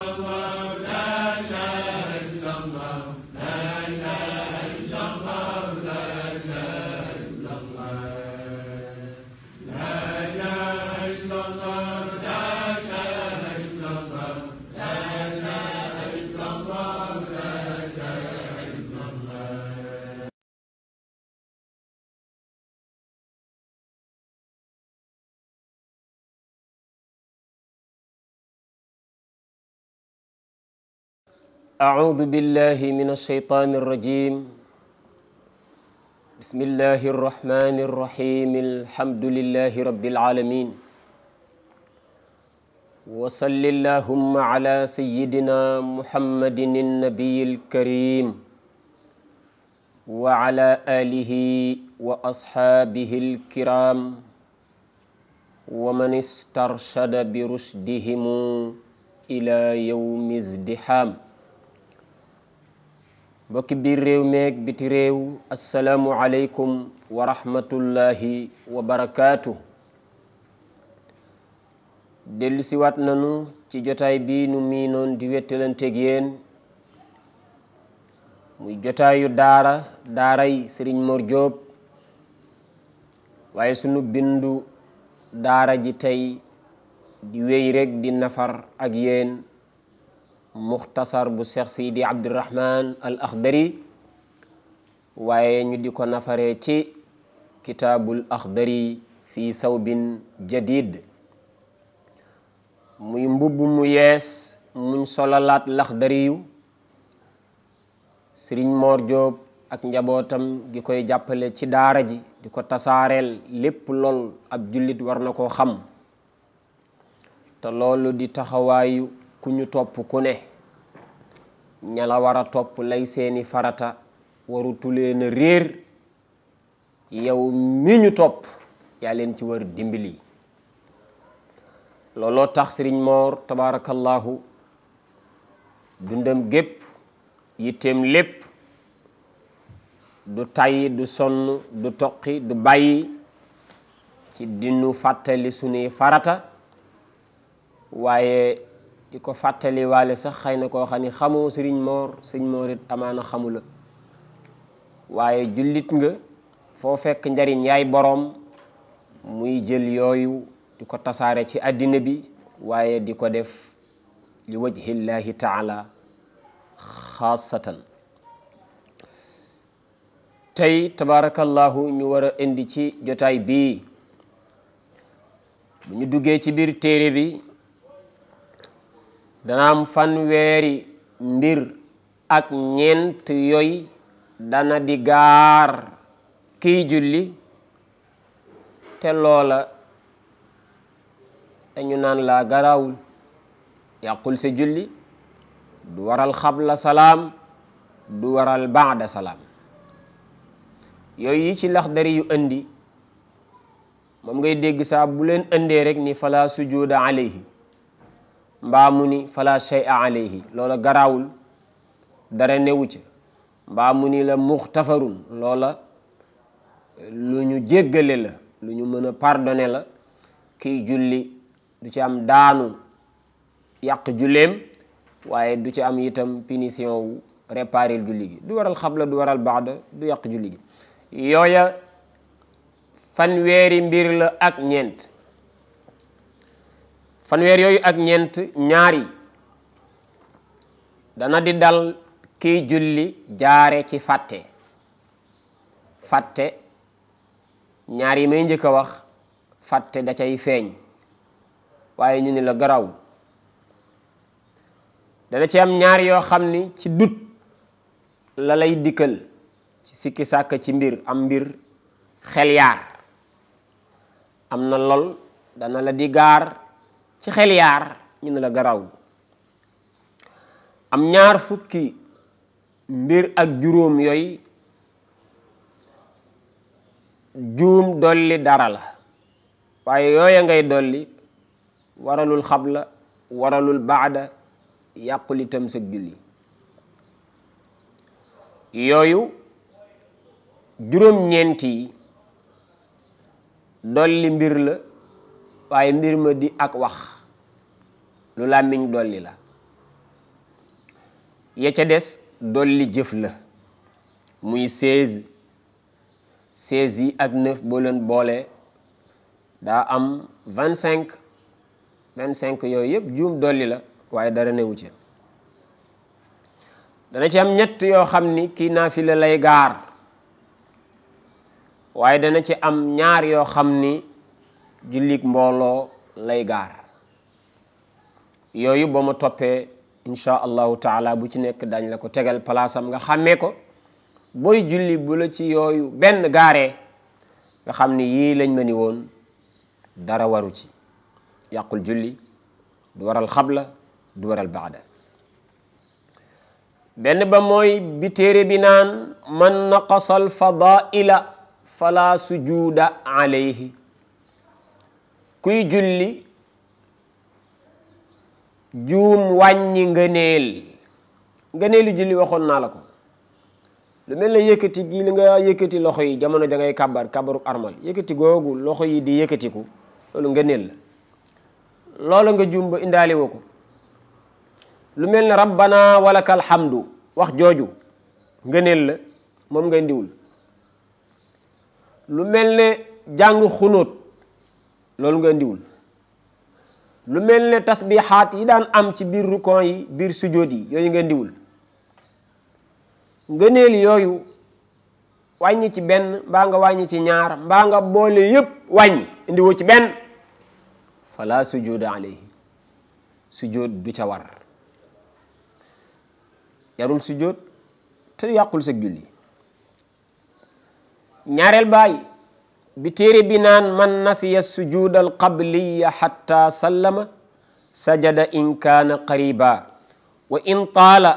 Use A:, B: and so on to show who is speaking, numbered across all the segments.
A: Allah أعوذ بالله من الشيطان الرجيم بسم الله الرحمن الرحيم الحمد لله رب العالمين وصل اللهم على سيدنا محمد النبي الكريم وعلى آله وأصحابه الكرام ومن استرشد برشدهم إلى يوم ازدحام mbokki biir réew meeg biti réew asalaamu aleykum wa rahmatullahi wa barakaatu dellu siwaat nanu ci jotaay bi nu miinoon di wettalanteeg yéen muy jotaayu daara daaray sëriñ Mor Jóob waaye sunu bindu daara ji tey di wéy rek di nafar ak yeen muxtasar bu Cheikh Seydi Abdurahman al Akhdari waaye ñu di ko nafaree ci kitaabul Akhdari fi thawbin jadid muy mbubb mu yees muñ solalaat Lakhdari yu Sëriñ Moor Jóob ak njabootam gi koy jàppale ci daara ji di ko tasaareel lépp lool ab jullit war na koo xam te loolu di taxawaayu ku ñu topp ku ne ña war a topp lay seeni farata warutu leen a réer yow mi ñu topp yaleen ci war dimbili looloo tax sëriñ moor tabaarakallahu dundam gépp yitteem lépp du tàyyi du sonn du toqi du bàyyi ci dinu fàttali sunuy farata waaye di ko fàttali waale sax xëy na koo xam ni xamoo sëriñ moor sëriñ moor amaana xamu la waaye jullit nga foo fekk njariñ yaay boroom muy jël yooyu di ko tasaare ci àddina bi waaye di ko def li wajhillahi taala xaasatan tey tabarakallahu ñu war a indi ci jotaay bi bu ñu duggee ci biir téere bi dana am fanweeri mbir ak ñeent yooyu dana di gaar kiy julli te loola dañu naan la garawul yàqul sa julli du waral xabla salaam du waral baada salaam yooyu yi ci laxdari yu andi moom ngay dégg saa bu leen andee rek ni fala sujuda alayhi mbaa mu ni fala shay'a alayhi loola garaawul dara newu ci mbaa mu ni la muxtafarun loola lu ñu jéggale la lu ñu mën a pardonné la kii julli du ci am daanu yàq julleem waaye du ci am itam punition wu réparer julli gi du waral xabla du waral baxda du yàq julli gi yooya fanweeri mbir la ak ñeent fanweer yooyu ak ñeent ñaar dana di dal kiy julli jaare ci fàtte fàtte ñaar yi may njëkk wax fàtte da cay feeñ waaye ñu ni la garaw dana ci am ñaar yoo xam ni ci dut la lay dikkal ci sikki sàkk ci mbir am mbir xel yaar am na lool dana la di gaar ci xel yaar ñu ne la garawul am ñaar fukki mbir ak juróom yooyu juum dolli dara la waaye yooya ngay dolli waralul xabla waralul baada yàqul itam sa julli yooyu juróom-ñeent yi dolli mbir la waaye mbir ma di ak wax lu làmmiñ dolli la ya ca des dolli jëf la muy seize seize yi ak neuf boo leen boole daa am vingt cinq vingt cinq yooyu yëpp juum dolli la waaye dara newu ci dana ci am ñett yoo xam ni kii la lay gaar waaye dana ci am ñaar yoo xam ni jullit mbooloo lay gaar yooyu boo ma toppee incha allahu taala bu ci nekk daañ la ko tegal palaasam nga xàmmee ko booy julli bu ci yooyu benn gaare nga xam ni yii lañ ma ni woon dara waru ci yàqul julli du waral xabla du waral baada benn ba mooy bi téere bi naan man naqasa alfadaila fala sujuda alayhi kuy julli juum wàññi ngëneel ngëneelu julli waxoon naa la ko lu mel ne yëkkati gi li nga yëkkati loxo yi jamono da ngay kàbbar kàbbaru armal yëkkati googu loxo yi di yëkkatiku loolu ngëneel la loola nga juum ba indaale ko lu mel ne rabbana walakal hamdu wax jooju ngëneel la moom nga ndiwul lu mel na jàng xunóot loolu nga ndiwul lu mel ne tasbihaat yi daan am ci biir rukon yi biir sujjóot yi yooyu ngeen diwul ngëneel yooyu wàññi ci benn mbaa nga wàññi ci ñaar mbaa nga boole yépp wàññi indiwoo ci benn fala sujjóoda alayhi sujjóot du ca war yarul sujjóot te yàqul sa julli ñaareel bàyyi bi téere bi naan man nasy sujuda al qabliya hatta sallama sajada in kaana qariba wa in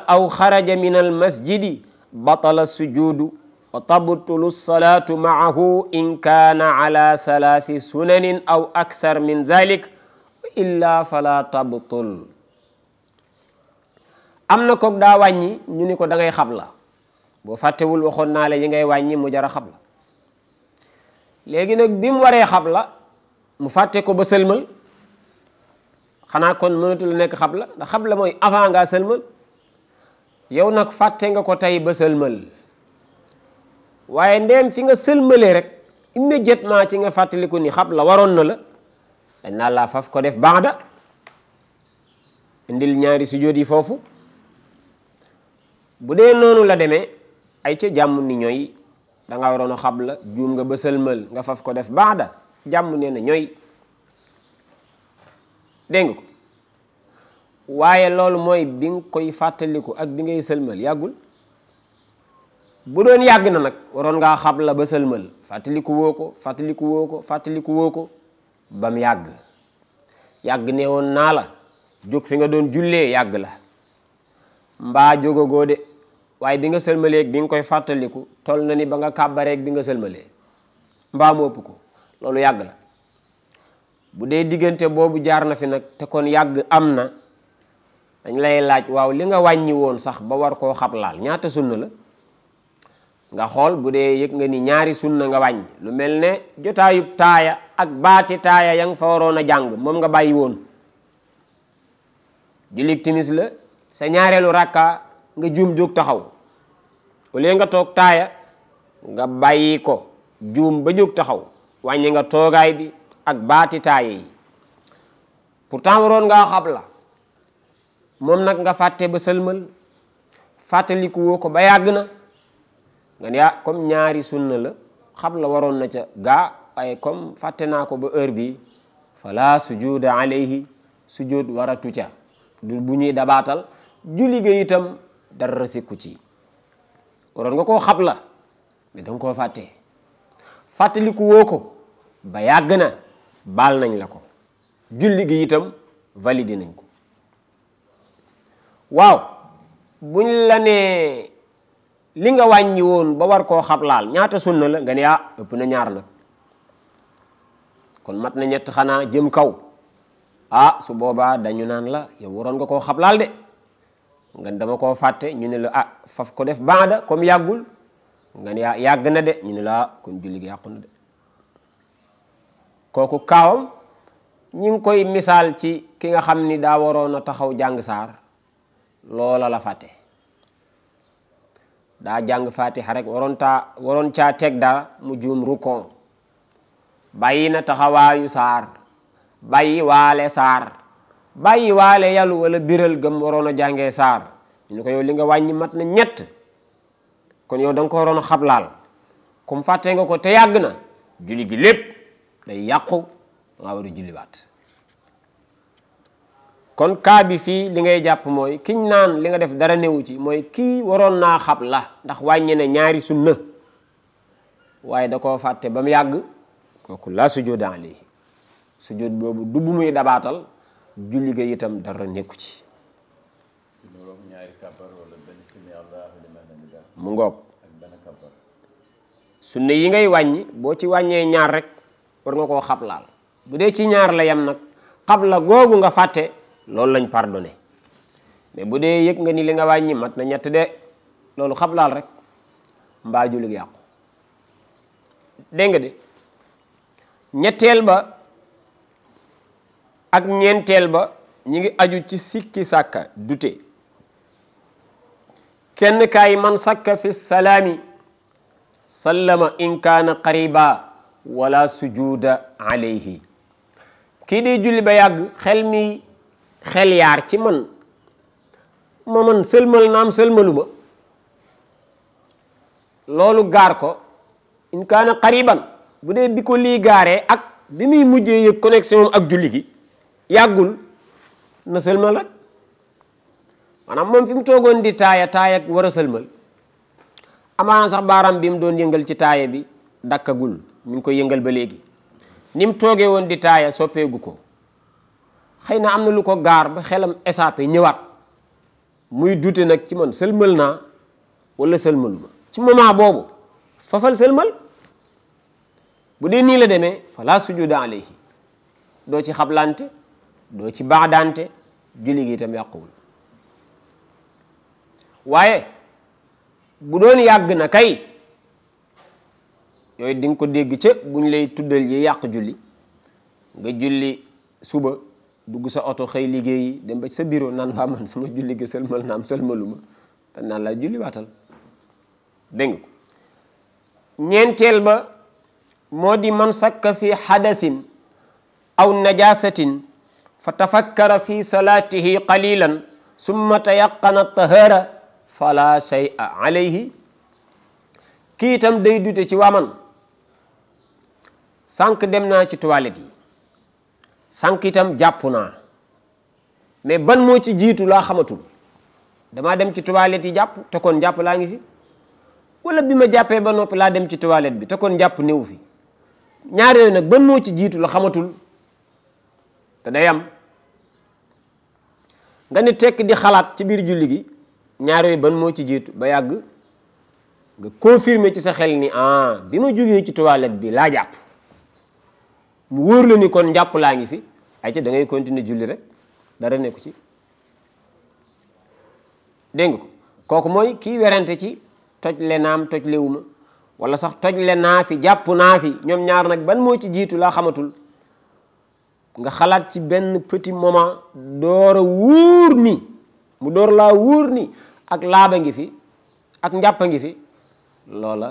A: aw xaraja min al masjidi batala sujudu wa tabtulu salaatu maahu in kaana ala thalaasi aw akthar min zalik wa illa fala tabtul na koog daa wàññi ñu ni ko dangay ngay xabla boo fàttewul waxoon yi ngay wàññi mu jara xabla léegi nag bi mu waree xabla mu fàtte ko ba sëlmal xanaa kon mënatul nekk xabla ndax xabla mooy avant ngaa sëlmal yow nag fàtte nga ko tey ba sëlmal waaye ndeem fi nga sëlmalee rek immédiatement ci nga fàttaliku ni xabla waroon na la dañ naa laa faf ko def baada indil ñaari sujjóot yi foofu bu dee noonu la demee ay ca jàmm ni ñoy danga waroon a xabla juum nga ba sëlmal nga faf ko def baada jàmm nee na ñooy dégg nga ko waaye loolu mooy bi koy fàttaliku ak bi ngay sëlmal yàggul bu doon yàgg na nag waroon ngaa xabla ba sëlmal fàttaliku woo ko fàttaliku woo ko fàttaliku ba mu yàgg yàgg ne woon naa la jóg fi nga doon jullee yàgg la mbaa jógagoo de waaye bi nga sëlmalee bi nga koy fàttaliku toll na ni ba nga kàbbareeg bi nga sëlmalee mbaa ëpp ko loolu yàgg la bu dee diggante boobu jaar na fi nag te kon yàgg am na dañ lay laaj waaw li nga wàññi woon sax ba war koo laal ñaata sunna la nga xool bu dee yëg nga ni ñaari sunna nga wàññi lu mel ne jotaayub taaya ak baati taaya ya fa waroon a jàng moom nga bàyyi woon jullit timis la sa ñaareelu rakka nga juum jóg taxaw au nga toog taaya nga bàyyi ko juum ba jóg taxaw wàññi nga toogaay bi ak baati taaya yi pourtant waroon ngaa xabla moom nag nga fàtte ba sëlmal fàttaliku woo ko ba yàgg na nga ne ah comme ñaari sunna la xabla waroon na ca gaa waaye comme fàtte naa ko ba heure bi fala sujuda alayhi sujud waratu ca du bu ñuy dabaatal itam dara sikku ci waroon nga koo xab la mais danga koo fàtte fàttaliku woo ko ba yàgg na baal nañ la ko julli gi itam validé nañ ko waaw buñ la nee li nga wàññi woon ba war koo xablaal ñaata sunna la nga ne ah, ëpp na ñaar nag kon mat na ñett xanaa jëm kaw ah su boobaa dañu naan la yow waroon nga ko xablaal de nga dama ko fàtte ñu ne la ah faf ko def baada comme yàggul nga ah, yàgg na de ñu ne la ah, kon julli gi yàqu de kooku kaawam ñi koy misaal ci ki nga xam ni daa waroon a taxaw jàng saar loola la fàtte daa jàng fatiha rek waroon taa waroon caa teg dara mu juum rukon bàyyi na taxawaayu saar bàyyi waale saar bàyyi waale yàllu wala biral gëm waroon a jàngee saar ñu ne ko yow li nga wàññi mat na ñett kon yow danga ko waroon a xablaal comme fàttee nga ko te yàgg na julli gi lépp day yàqu nga war a julliwaat kon kaa bi fii li ngay jàpp mooy kiñ naan li nga def dara newu ci mooy kii waroon naa xab la ndax wàññi ne ñaari sunna waaye da koo fàtte ba mu yàgg kooku la sujud alayhi sujud boobu du bu muy dabaatal julli ga itam dara nekku ci mu ngoog sunna yi ngay wàññi boo ci wàññee ñaar rek war nga koo laal bu dee ci ñaar la yem nag xabla googu nga fàtte loolu lañ pardonné mais bu dee yëg nga ni li nga wàññi mat na ñett de loolu xablaal rek mbaa julli gi yàqu dégg nga de ñetteel ba ak ñeenteel ba ñi ngi aju ci sikki sàkka dute kenn kaay man sàkka fi salaami sallama in kaana qariba wala sujuda alayhi kii di julli ba yàgg xel mi xel yaar ci man ma man sëlmal naam sëlmalu ma loolu gaar ko in kaana qariban bu dee bi ko lii gaaree ak bi muy mujjee yëg connexion ak julli gi yàggul na sëlmal rek maanaam moom fi mu toogoon di taaya taaya war a sëlmal amaana sax baaraam bi mu doon yëngal ci taaya bi dakkagul mu ngi koy yëngal ba léegi ni mu toogee woon di taaya soppeegu ko xëy na am na lu ko gaar ba xelam échappé ñëwaat muy dute nag ci man sëlmal naa wala sëlmaluma ci moment boobu fafal sëlmal bu dee nii la demee fala sujuda alayhi doo ci xablante doo ci baax daante julli gi yàquwul waaye bu doon yàgg na kay yooy dinga ko dégg ca buñ lay tuddal yi yàq julli nga julli suba dugg sa oto xëy liggéeyi dem ba sa bureau naan waa man sama julli gi sëlmal naam sëlmaluma te naan laa julli waatal dégg ñeenteel ba moo di man sakka fi xadasin aw najaasatin fa tafakkara fi salaatihi qalilan summa tayaqana tahara fala shay'a alayhi kiitam itam day dute ci waaman sànq dem naa ci toilette yi sànq itam jàpp naa mais ban moo ci jiitu laa xamatul damaa dem ci toilette yi jàpp te kon jàpp laa ngi fi wala bi ma jàppee ba noppi laa dem ci toilette bi te kon jàpp néew fi ñaar yooyu nag ban moo ci jiitu la xamatul te day am nga ni tekk di xalaat ci biir julli gi ñaar yooyu ban moo ci jiitu ba yàgg nga confirmer ci sa xel ni ah bi ma jugee ci toilette bi laa jàpp mu wóor la ni kon njàpp laa ngi fi ay ca da ngay continuer julli rek dara nekku ci dégg nga ko kooku mooy kii werante ci toj le naam toj lewuma wala sax toj le naa fi jàpp naa fi ñoom ñaar nag ban moo ci jiitu laa xamatul nga xalaat ci benn pëti moment door a wuur ni mu door laa wuur ni ak laaba ngi fi ak njàppa ngi fi loola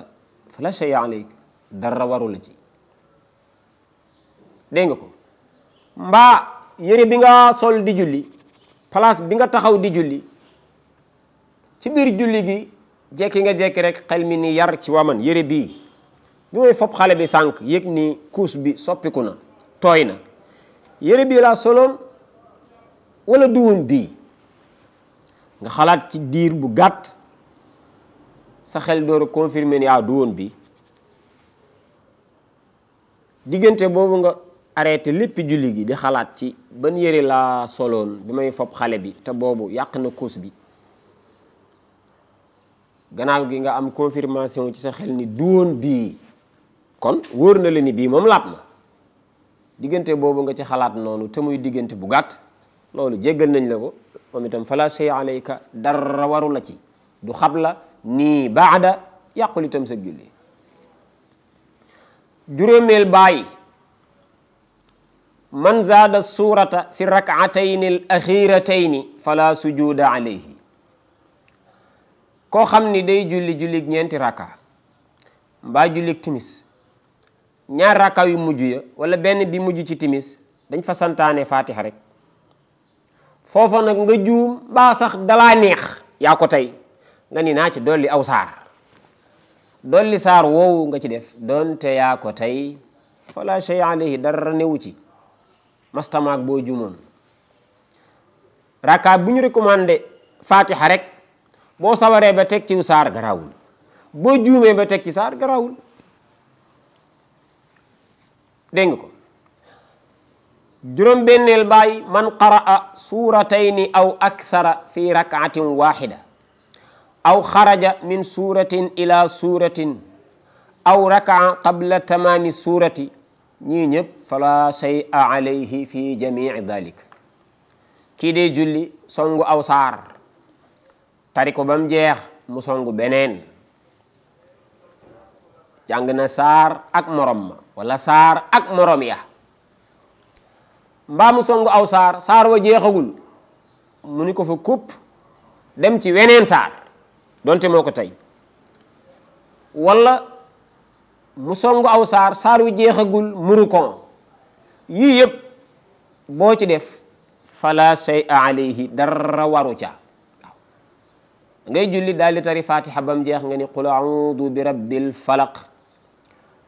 A: fala shay aleyk dara warul ci dégg nga ko mbaa yére bi nga sol di julli palaas bi nga taxaw di julli ci biir julli gi jekki nga jekki rek xel mi ni yar ci waman yére bii bi mooy fopp xale bi sànq yëg ni kuus bi soppiku na tooy na yére bii laa soloon wala duwoon bii nga xalaat ci diir bu gàtt sa xel door a confirmer ni yaa ah, duwoon bii diggante boobu nga arrêté lépp julli gi di xalaat ci ban yére laa soloon bi may fob xale bi te boobu yàq na kuus bi gannaaw gi nga am confirmation ci sa xel ni duwoon bii kon wóor na la ni bii moom laab ma diggante boobu nga ci xalaat noonu te muy diggante bu gàtt loolu jéggal nañ la ko moom itam fala shay alayka dara waru la ci du xabla ni baada yàqul itam sa julli juróomeel bàyyi man zaada suurata fi rak'atayni al axirataini sujuda alayhi koo xam ni day julli jullig ñeenti raka mbaa jullig timis ñaar rakka yu mujj ya wala benn bi mujj ci timis dañ fa santaane faatiha rek foofa nag nga juum baa sax dalaa neex yaa ko tey nga ni naa ci dolli aw saar dolli saar woowu nga ci def doonte yaa ko tey fala shay alayhi dara newu ci mastamaak boo juumoon rakka bu ñu recommandé faatiha rek boo sawaree ba teg ci saar garawul boo juumee ba teg ci saar garawul dégg nga ko juróom-benneel baay man qaraa suuratayni aw akthara fi rakaatin waxida aw xaraja min suuratin ila suuratin aw rakaa qabla tamaami suurati ñii ñëpp fala shay'a alayhi fi jamici dalik kii day julli songu aw saar tari ko ba jeex mu songu beneen jàng na saar ak morom ma wala saar ak moroom ya mbaa mu songu aw saar saar wa jeexagul mu ni ko fa dem ci weneen saar donte moo ko tey wala mu songu aw saar saar wu jeexagul murukon yii yëpp boo ci def fala shay'a alayhi dara waru ca ngay julli daal di tari fatiha bam jeex nga ni qul a'udhu bi rabbil falaq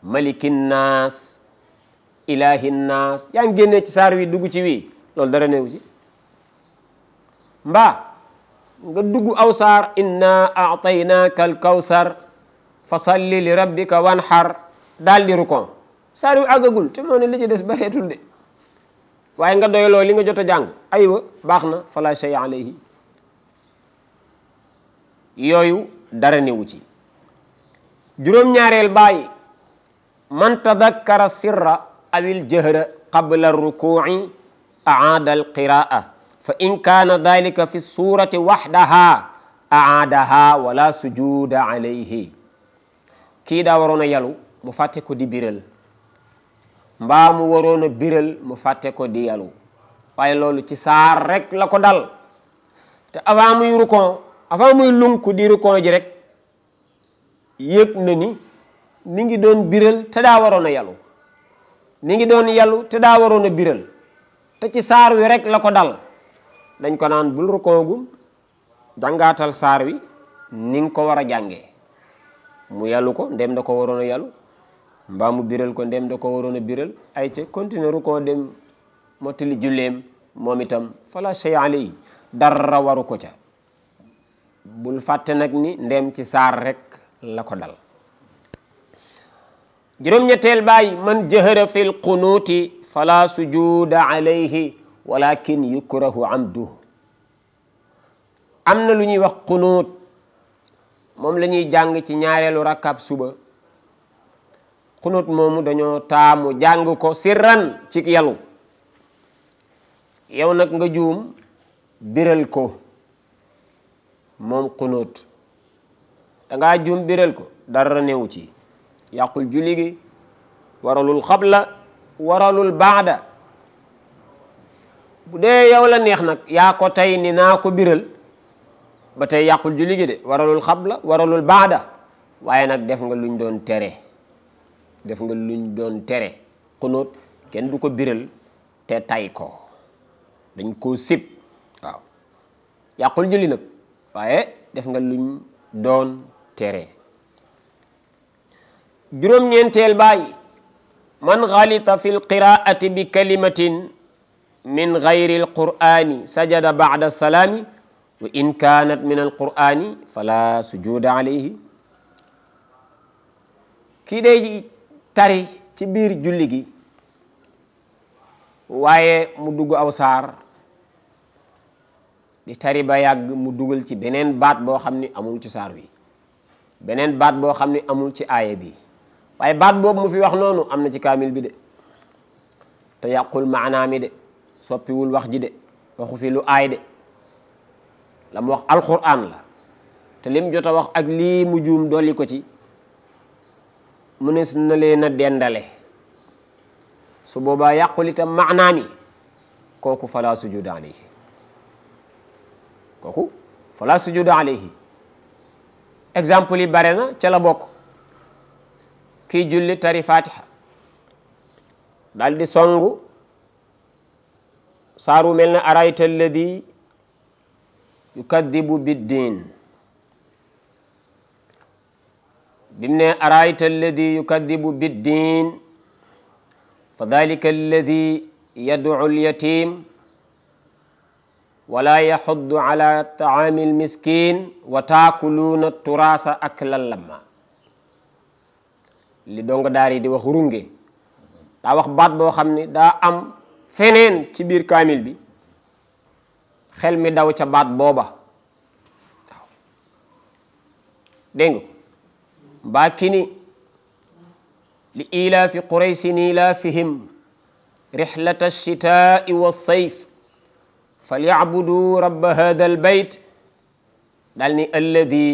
A: malikin naas ilahin naas yaa ngi génnee ci saar wi dugg ci wi loolu dara newu ci mbaa nga dugg aw saar inna aataynaaka alkawsar fa salli li rabbika wanhar daal di rukon saar wi àggagul te moo ne li ci des bareetul de waaye nga doyloo li nga jot a jàng aywa baax na fala shay alayhi yooyu dara newu ci juróom-ñaareel bàyyi man tadakkara sirra awil jahra qabla rukuci aada alqiraa fa in kaana dalika fi surati waxdaha aadaha wala sujuda alayhi kii daa waroon yalu mu fàtte ko di biral mbaa mu waroon biral mu fàtte ko di yalu waaye loolu ci saar rek la ko dal te avant muy rukon lunku di rukon ji rek yëg na ni mi ngi doon biral te daa waroon yalu mi ngi doon yalu te daa waroon a biral te ci saar wi rek la ko dal dañ ko naan bul rukoogum jàngaatal saar wi ni nga ko war a jàngee mu yalu ko ndem da ko waroon a yalu mbaa mu biral ko ndem da ko waroon a biral ay ca continuer rukoo dem mottali julleem moom itam fala shay waru ko ca bul fàtte nag ni ndem ci saar rek la ko dal juróom-ñetteel baay man jahara fi lqunuuti fala sujuuda alayhi walakin yukrahu amduhu am na lu ñuy wax qunuut moom la ñuy jàng ci ñaareelu rakab suba qunuut moomu dañoo taamu jàng ko sirran ci yalu yow nag nga juum biral ko moom qunuut da juum biral ko dara newu ci yàqul julli gi waralul xabla waralul baada bu dee yow la neex nag yaako tey ni naa ko biral ba te yàqul julli gi de waralul xabla waralul baada waaye nag def nga luñ doon tere def nga luñ doon tere konoot kenn du ko biral te tey ko dañ ko sib waaw juli nag waaye def nga luñ doon tere juróom-ñeenteel bàyyi man xalita fi lqiraati bi kalimatin min gayri alqur'ani sajada bacda salaami wa in kaanat min alqur'ani fala sujuda alayhi kii day tari ci biir julli gi waaye mu dugg aw saar di tari ba yàgg mu dugal ci beneen baat boo xam ni amul ci saar wi beneen baat boo xam ni amul ci aaya bi waaye baat boobu mu fi wax noonu am na ci kaamil bi de te yàqul maanaa mi de soppiwul wax ji de waxu fi lu aay de la mu wax alquran la te lim jot a wax ak lii mu juum doli ko ci mënees na leen a dendale su boobaa yàqul itam maanaa mi kooku fala sujuda alayhi kooku fala sujuda alayhi example yi bare na ca la bokk kii julli tari fatiha daal di songu saaru mel na arayta alladi yukaddibu biddiin bimu ne arayta alladi yukaddibu biddiin fa dalika alladi yad'u alyatim wala yaxuddu ala taami almiskin wa taakuluuna turaasa aklan lamma li dong daar di wax runge daa wax baat boo xam ne daa am feneen ci biir kaamil bi xel mi daw ca baat booba waaw dégg nga mbaa kini li ilaafi quraysin ilaafihim rixlata alchitaai walsayf falyacbudu rabba hada albayt daal ni alladi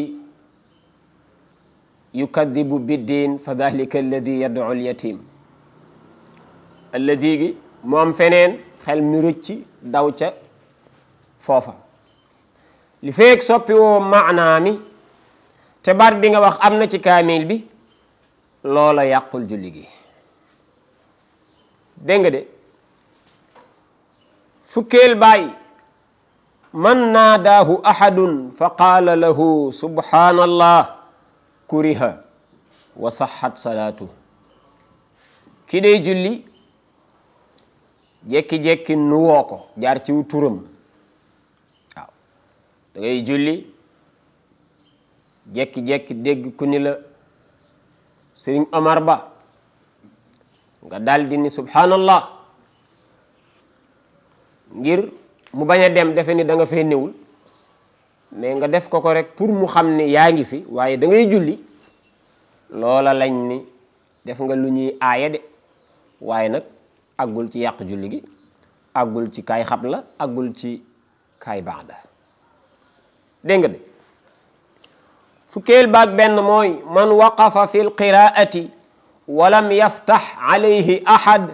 A: yukadibu biddin fa dalika alladi yadu alyatim alladi moom feneen xel mi rëcc daw ca foofa li feek soppi woo mi te baat bi nga wax am na ci kaamiil bi loola yàqul julli gi dégg de fukkeel baay man naadaahu ahadun fa qaala lahu subhaanallah kuriha wa saxat salaatu kii day julli jekki-jekki nu woo ko jaar ci turam waaw julli jekki-jekki dégg ku ni la sëriñ Omar Ba nga daldi ni subhanallah ngir mu bañ a dem defe ni danga nga mais nga def ko ko rek pour mu xam ni yaa ngi fi waaye dangay ngay julli loola lañ ni def nga lu ñuy aaya de waaye nag àggul ci yàq julli gi àggul ci kaay xab la àggul ci kaay baax da dégg nga baag benn mooy man waqafa fi lqiraati walam yaftax alayhi ahad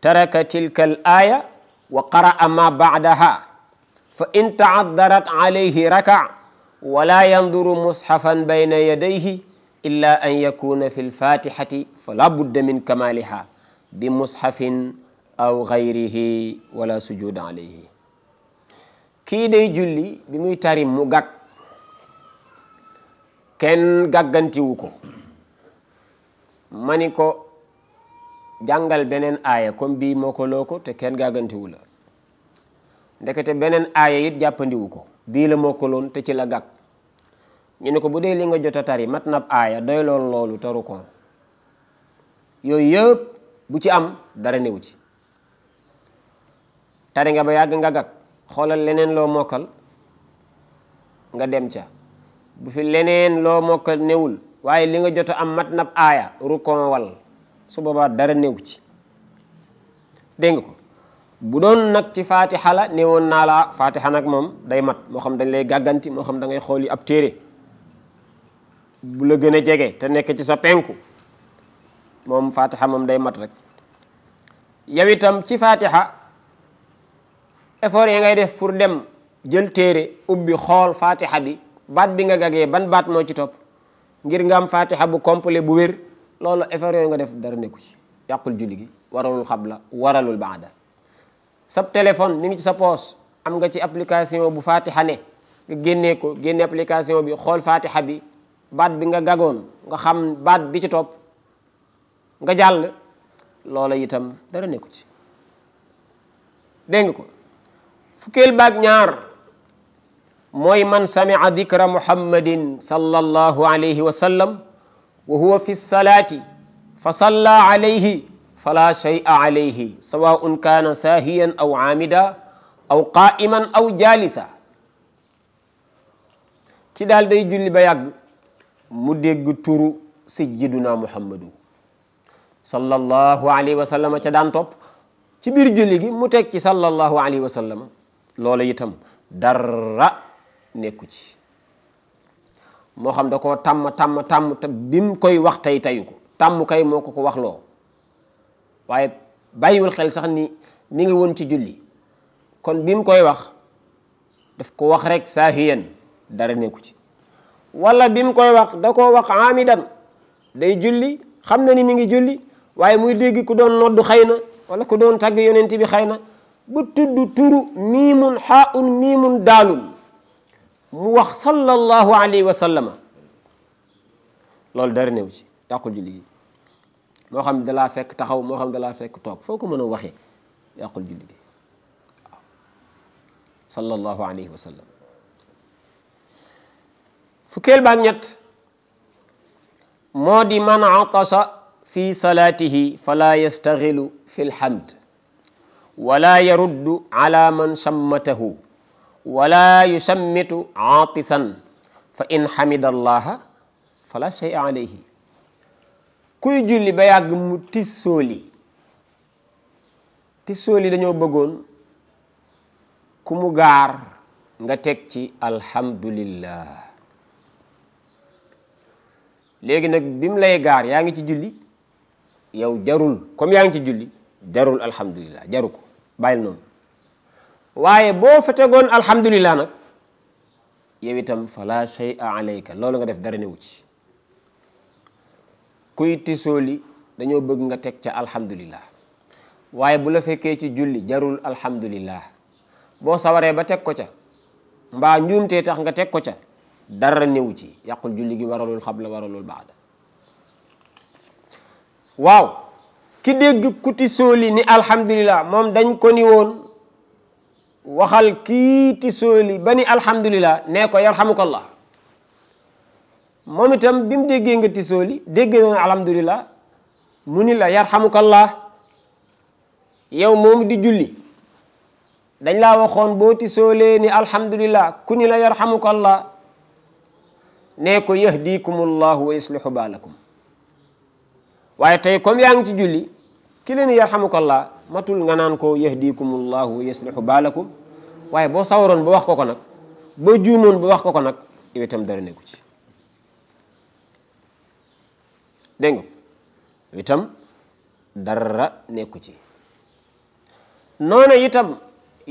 A: taraka tilka al wa qaraa ma baadaha fa in taaddarat alayhi raka wala yanduru mushafan bayna yadayhi illa an yakuna fi lfatihati fala budda min kamaliha bi mushafin aw gayrihi wala sujud alayhi kii day julli bi muy tari mu gàgg kenn gàggantiwu ko ma ni ko jàngal beneen aaya comme bii moo ko loo ko te kenn gàggantiwu la ndekete beneen aaya it jàppandiwu ko bii la mokkaloon te ci la gàkk ñu ne ko bu dee li nga jot a tari mat nab aaya doy lool loolu taru ko yooyu yëpp bu ci am dara newu ci tari nga ba yàgg nga gàkk xoolal leneen loo mokkal nga dem ca bu fi leneen loo mokkal newul waaye li nga jot a am mat nab aaya rukon wal su boobaa dara newu ci dégg nga ko bu doon nag ci fatiha la ne woon naa laa fatiha nag moom day mat moo xam dañ lay gàgganti moo xam da ngay xool yi ab téere bu la gën a jege te nekk ci sa penku moom fatiha moom day mat rek yow itam ci fatiha effort yi ngay def pour dem jël téere ubbi xool fatiha bi baat bi nga gagee ban baat moo ci topp ngir nga am fatiha bu complet bu wér loolu effort yooyu nga def dara nekku ci yàqul julli gi waralul xabla waralul baada sab téléphone mi ngi ci sa poos am nga ci application bu fatiha ne nga génnee ko génne application bi xool fatiha bi baat bi nga gagoon nga xam baat bi ci topp nga jàll loola itam dara ne nekku ci dégg nga ko fukkeel baag ñaar mooy man sami'a dikra muhammadin sallallahu alayhi wa sallam wa huwa fi salaati fa salla alayhi fala shay'a alayhi sawaun kaana saahiyan aw aamida aw qaaiman aw jaalisa ki daal day julli ba yàgg mu dégg turu sayyiduna muhammadu sallallahu alayhi wa sallam ca daan topp ci biir julli gi mu teg ci sallallahu alayhi wa sallam loola itam nekku ci moo xam da koo tàmm tàmm tàmm te bi mu koy wax tey tayu ko tàmm moo ko ko wax loo waaye bàyyiwul xel sax ni mi ngi woon ci julli kon bi koy wax daf ko wax rek saahiyan dara nekku ci wala bi koy wax da koo wax amidan day julli xam na ni mi ngi julli waaye muy dégg ku doon noddu xëy na wala ku doon tàgg yonent bi xëy na ba tudd turu miimun xaaun miimun daalun mu wax sallallahu alayhi wa sallama loolu dara newu ci dàqul julli moo xam dalaa fekk taxaw moo xam dalaa fekk toog foo ko mën a waxee yàqul julli gi waaw sallallahu alayhi wa sallam fukkeel baak ñett moo di man atasa fi salaatihi fala yastaxilu fi lhamd wala yaruddu ala man sammatahu wala yusammitu aatisan fa in xamida allaha fala shay'a alayhi kuy julli ba yàgg mu tissooli tissooli dañoo bëggoon ku mu gaar nga teg ci alhamdulillah léegi nag bi mu lay gaar yaa ngi ci julli yow jarul comme yaa ngi ci julli jarul alhamdulillah jaru ko bàyyil noonu waaye boo fa tegoon alhamdulillah nag yow itam fala shay'a alayka loolu nga def dara newu ci kuy tisooli dañoo bëgg nga teg ca alhamdulillah waaye bu la fekkee ci julli jarul alhamdulillah boo sawaree ba teg ko ca mbaa njuumtee tax nga teg ko ca dara néew ci yàqul julli gi waralul xabla waralul baada waaw ki dégg ku tisooli ni alhamdulillah moom dañ ko ni woon waxal kii tisooli ba ni alhamdulillah nee ko yarhamukallah moom itam bi mu déggee nga tisooli dégg na alhamdulilah mu muni la yarhamukallah yow moom di julli dañ la waxoon boo tisoolee ni alhamdulillah ku ni la yarhamukallah nee ko yahdikumullahu wa yuslihu baalakum waaye tey comme yaa ngi ci julli ki leen yarhamukallah matul nga naan ko yahdikumullahu wa yuslihu baalakum waaye boo sawaroon ba wax ko ko nag boo juumoon ba wax ko ko nag yow itam dara nekku ci dégg nga itam dara nekku ci noona itam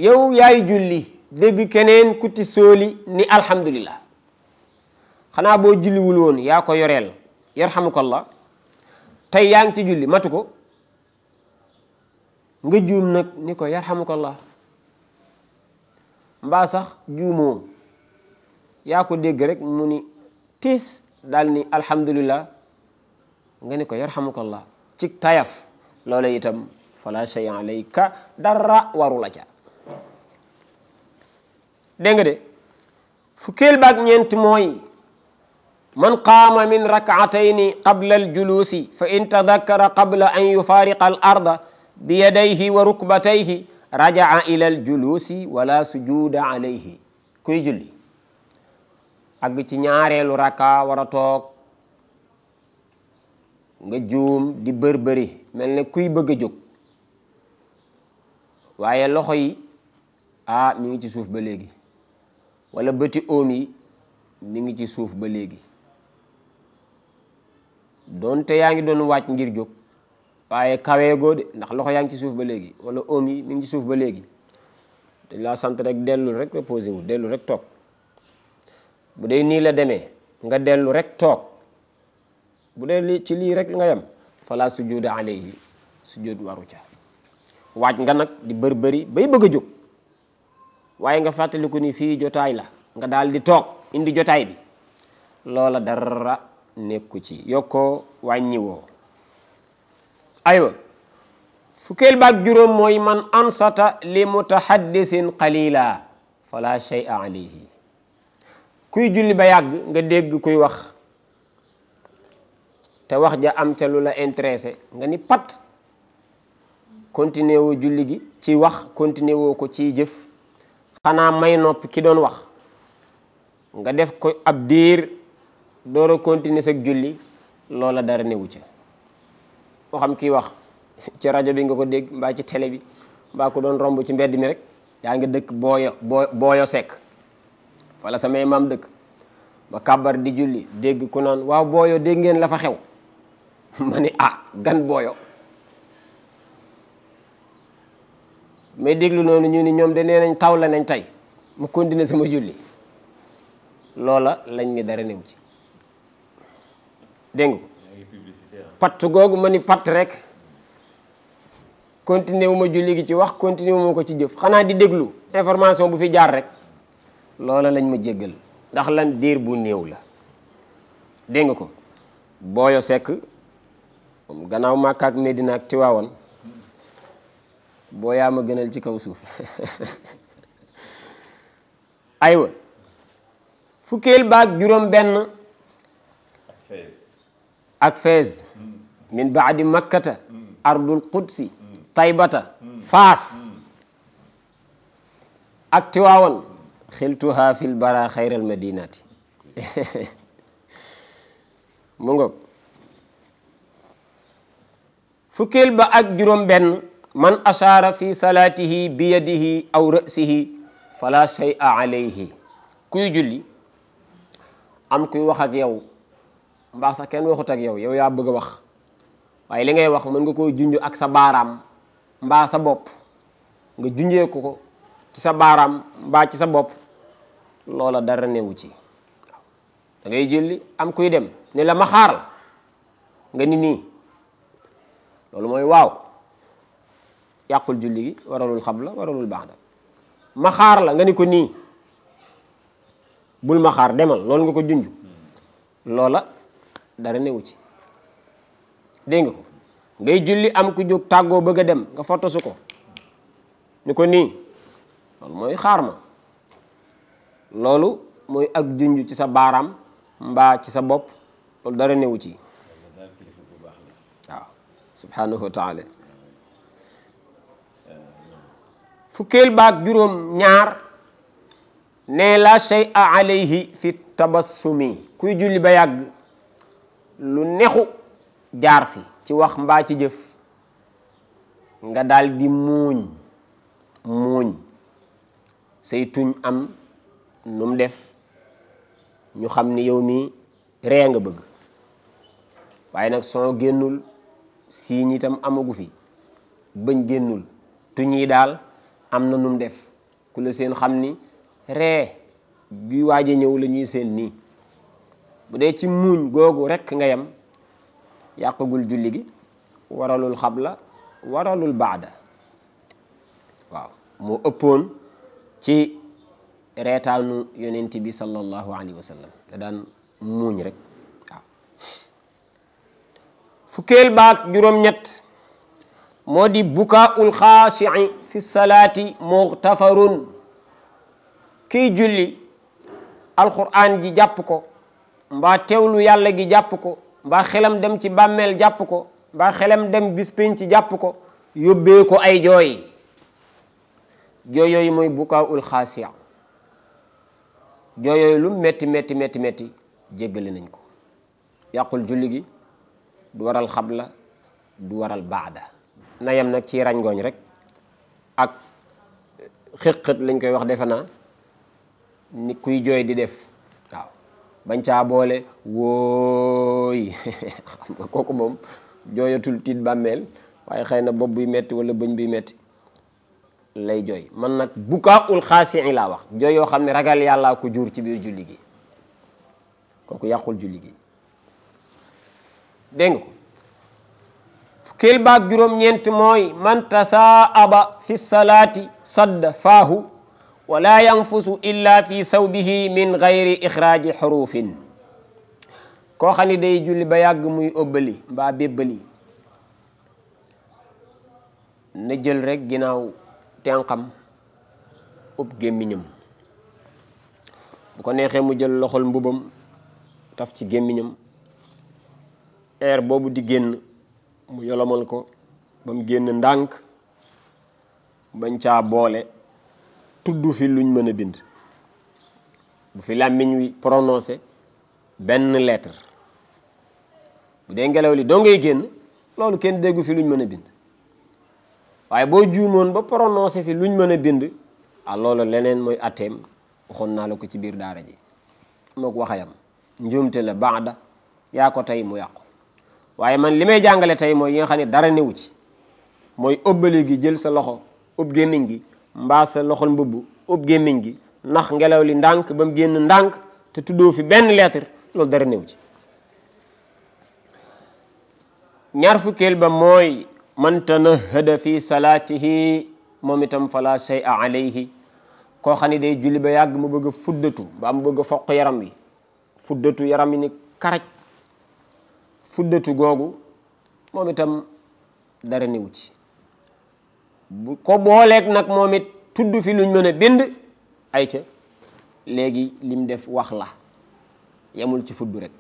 A: yow yaay julli dégg keneen ku ti sooli ni alhamdulillah xanaa boo julliwul woon yaa ko yoreel yarhamukallah tey yaa ngi ci julli matu ko nga juum nag ni ko yarhamukallah mbaa sax juumoo yaa ko dégg rek mu ni tiis daal ni alhamdulillah nga ni ko yarhamukallah ci tayaf loola itam fala shay alayka dara waru la ca dégg nga de fukkeel baag ñeent mooy man qaama min rak'atayni qabla al-julusi fa in tadakkara qabla an yufariqa al-arda bi yadayhi wa rukbatayhi raja'a ila al-julusi wala sujuda alayhi kuy julli àgg ci ñaareelu raka war a toog nga juum di bërbëri mel ne kuy bëgg a jóg waaye loxo yi ah mi ngi ci suuf ba léegi wala bëti oom yi mi ngi ci suuf ba léegi doonte yaa ngi doon wàcc ngir jóg waaye kawee goo de ndax loxo yaa ngi ci suuf ba léegi wala oom yi mi ngi ci suuf ba léegi dañ la sant rek dellu rek reposé wu dellu rek toog bu dee nii la demee nga dellu rek toog bu dee li ci lii rek nga yem fala sujuda alayhi sujud waru ca waaj nga nag di bër bay bëgg a jóg waaye nga fàttaliku ni fii jotaay la nga daal di toog indi jotaay bi loola dara nekku ci yokkoo wàññiwoo aywa fukkeel baag juróom mooy man ansata li mutahaddisin qalila fala shay'a alayhi kuy julli ba yàgg nga dégg kuy wax te wax ja am ca lu la intéressé nga ni pat continuer woo julli gi ci wax continuer woo ko ci jëf xanaa may nopp ki doon wax nga def ko ab diir door a continuer sag julli loola dara newu ca moo xam kii wax ci rajo bi nga ko dégg mbaa ci télé bi mbaa ko doon romb ci mbedd mi rek yaa ngi dëkk booyo boo booyo sekk fala samay maam dëkk ba kàbbar di julli dégg ku naan waaw booyo dégg ngeen la fa xew ma ne ah gan booyo mais déglu noonu ñu ni ñoom de nee nañ taw la nañ tey mu continuer sama julli loola lañ ni dara new ci dégg nga patt googu ma ni patt rek continuer wu ma julli gi ci wax continuer wu ma ko ci jëf xanaa di déglu information bu fi jaar rek loola lañ ma jéggal ndax lan diir bu néew la dégg ko booyo sekk gannaaw Màkka ak Medina ak boo yaa ma gënal ci kaw suuf fukkeel baag juróom benn ak fees hmm. min baadi makkata hmm. ardul qudsi hmm. taybata faas ak tiwaawan xiltuha bara xayral madinati mu fukkeel ba ak juróom benn man ashaara fi salaatihi bi yadihi aw ra'sihi fala shay'a alayhi kuy julli am kuy wax ak yow mbaa sax kenn waxut ak yow yow yaa bëgga wax waaye li ngay wax mën nga koo junj ak sa baaraam mbaa sa bopp nga junjee ko ko ci sa baaraam mbaa ci sa bopp loola dara newu ci dangay ngay julli am kuy dem ne la ma xaar nga ni nii loolu mooy waaw yàqul julli gi waralul xabla waralul baada ma xaar la nga ni ko nii bul ma xaar demal loolu nga ko junj loola dara newu ci dégg nga ko ngay julli am ku jóg tàggoo bëgg a dem nga fotosu ko ni ko nii loolu mooy xaar ma loolu mooy ak junj ci sa baaraam mbaa ci sa bopp loolu dara newu ci waaw subhaanahu wa taala fukkeel baag juróom ñaar ne la shay a alayhi fi tabassumi kuy julli ba yàgg lu nexu jaar fi ci wax mbaa ci jëf nga daldi di muuñ muuñ say tuñ am nu def ñu xam ni yow mii ree nga bëgg waaye nag son génnul siiñ itam amagu fi bëñ génnul tuñ yi daal am na num def ku la seen xam ni ree bi waaje ñëw la ñuy seen nii bu dee ci muuñ googu rekk nga yam yàqagul julli gi waralul xabla waralul baada waaw moo ëppoon ci reetaanu yonent bi sallallahu alayhi wa sallam da daan muuñ rek fukkeel baak juróom-ñett moo di bukaa'ul xaasi'i fi salaati muxtafarun kiy julli alqur'an ji jàpp ko mbaa teewlu yàlla gi jàpp ko mbaa xelam dem ci bàmmeel jàpp ko mbaa xelam dem bispin jàpp ko yóbbee ko ay jooy jooy yooyu mooy bukaa'ul xaasi'a jooy yooyu lu metti metti metti metti nañ ko yàqul julli gi du waral xabla du waral baada na yam nag ci ràñngooñ rek ak xëqët lañ koy wax defe naa ni kuy jooy di def waaw bañ caa boole wooy xam jooyatul tiit bàmmeel waaye xëy na bopp buy metti wala bëñ buy metti lay jooy man nag bukaa ul xaasi'i laa wax jooy yoo xam ne ragal yàllaa ko jur ci biir julli gi kooku yàqul julli gi dégg nga baag juróom-ñeent mooy man tasaaba fi salaati sadd faahu wala yanfusu illa fi sawbihi min gayri ixraaji xurufin koo xam day julli ba yàgg muy ëbbali mbaa bébbali na jël rek ginnaaw tenqam ub gémmiñam ko neexee mu jël loxol mbubam taf air boobu di génn mu yolomal ko ba mu génn ndànk bañ caa boole tudd fi luñ mën a bind bu fi làmmiñ wi prononcé benn lettre bu dee ngelaw li doo ngay génn loolu kenn déggu fi luñ mën a bind waaye boo juumoon ba prononcé fi luñ mën a bind a ah, loolu leneen mooy atteem waxoon naa la ko ci biir daara ji mook waxayam njuumte la baada yaa ko tey mu yàqu waaye man li may jàngale tey mooy yi nga xam ne dara newu ci mooy ëbbali gi jël sa loxo ub gémmiñ gi mbaa sa loxol mbubb ub gémmiñ gi ndax ngelaw li ndànk ba mu génn ndànk te tuddoo fi benn lettre loolu dara newu ci ñaar fukkeel ba mooy man tanahada fi salaatihi moom itam fala shay a alayhi koo xam ne day julli ba yàgg mu bëgg a fuddatu ba am bëgg foq yaram wi fuddatu yaram yi ni karaj fuddatu googu moom itam dara niwu ci bu ko booleeg nag moom it tudd fi luñ mën a bind ay ca léegi lim def wax la yemul ci fudd rek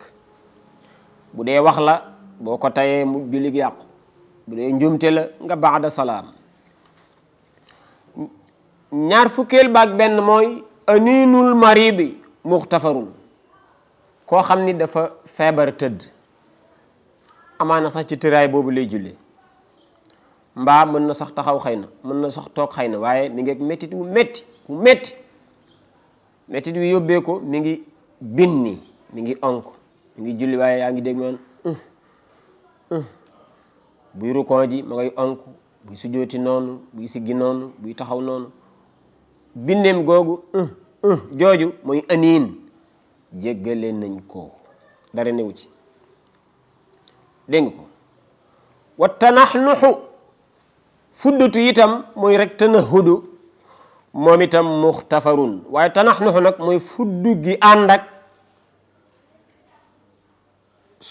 A: bu dee wax la boo ko tayee mu julli gi yàqu bu dee njumte la nga baax baada salaam ñaar fukkeel baag benn mooy aninul maridi muxtafarun koo xam ni dafa feebar tëdd amaana sax ci tëraay boobu lay julli mbaa mën na sax taxaw xay na mën na sax toog xay na waaye mi ngi ak méttit wu métti wu métti méttit wi yóbbee ko mi ngi binni mi ngi onk mi ngi julli waaye yaa ngi dégg man buy rukon ji ma buy sujooti noonu buy siggi noonu buy taxaw noonu binneem googu jooju mooy aniin jéggaleen nañ ko dara newu ci dégg nga ko wa tanaxnuxu fuddutu itam muy rek tanahudu moom itam muxtafarun waaye tanaxnuxu nag mooy fuddu gi ànd ak